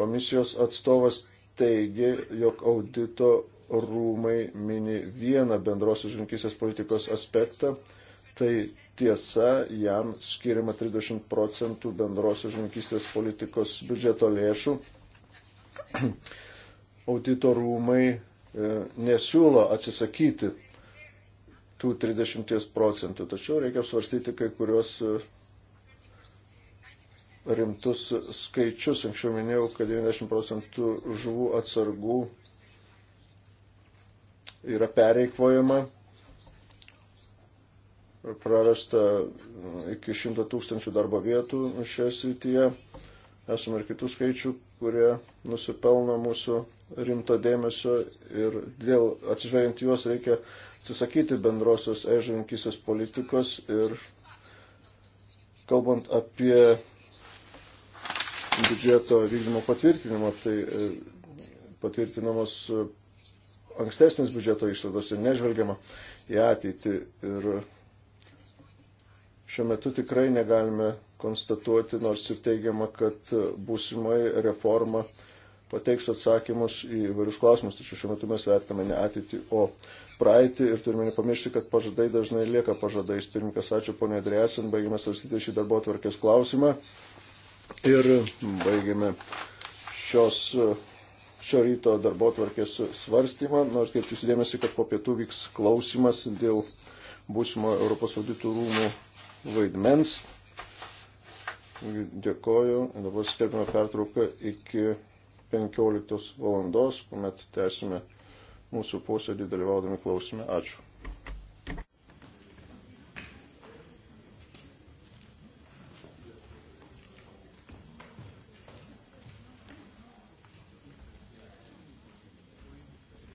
Komisijos atstovas teigia, jog audito rūmai mini vieną bendros žuvininkystės politikos aspektą, tai tiesa, jam skiriama 30 procentų bendros žuvininkystės politikos biudžeto lėšų auditorumai e, nesiūlo atsisakyti tų 30 procentų, tačiau reikia svarstyti kai kurios e, rimtus skaičius. Anksčiau minėjau, kad 90 procentų žuvų atsargų yra pereikvojama prarasta iki 100 tūkstančių darbo vietų šioje srityje. Esame ir kitų skaičių, kurie nusipelno mūsų rimto dėmesio ir dėl atsižvelgiant juos reikia atsisakyti bendrosios ežininkysės politikos ir kalbant apie biudžeto vykdymo patvirtinimą, tai e, patvirtinamos e, ankstesnės biudžeto išlaidos ir nežvelgiama į ateitį. Ir šiuo metu tikrai negalime konstatuoti, nors ir teigiama, kad būsimai reforma pateiks atsakymus į vairius klausimus, tačiau šiuo metu mes vertame ne ateitį, o praeitį ir turime nepamiršti, kad pažadai dažnai lieka pažadais. Pirmininkas, ačiū ponė Dresin, baigėme svarstyti šį darbo atvarkės klausimą ir baigėme šios, šio ryto darbo atvarkės svarstymą. Noriu atkreipti jūsų dėmesį, kad po pietų vyks klausimas dėl būsimo Europos auditų rūmų vaidmens. Dėkoju. Dabar skelbime pertrauką iki 15 valandos, kuomet tęsime mūsų posėdį dalyvaudami klausime. Ačiū.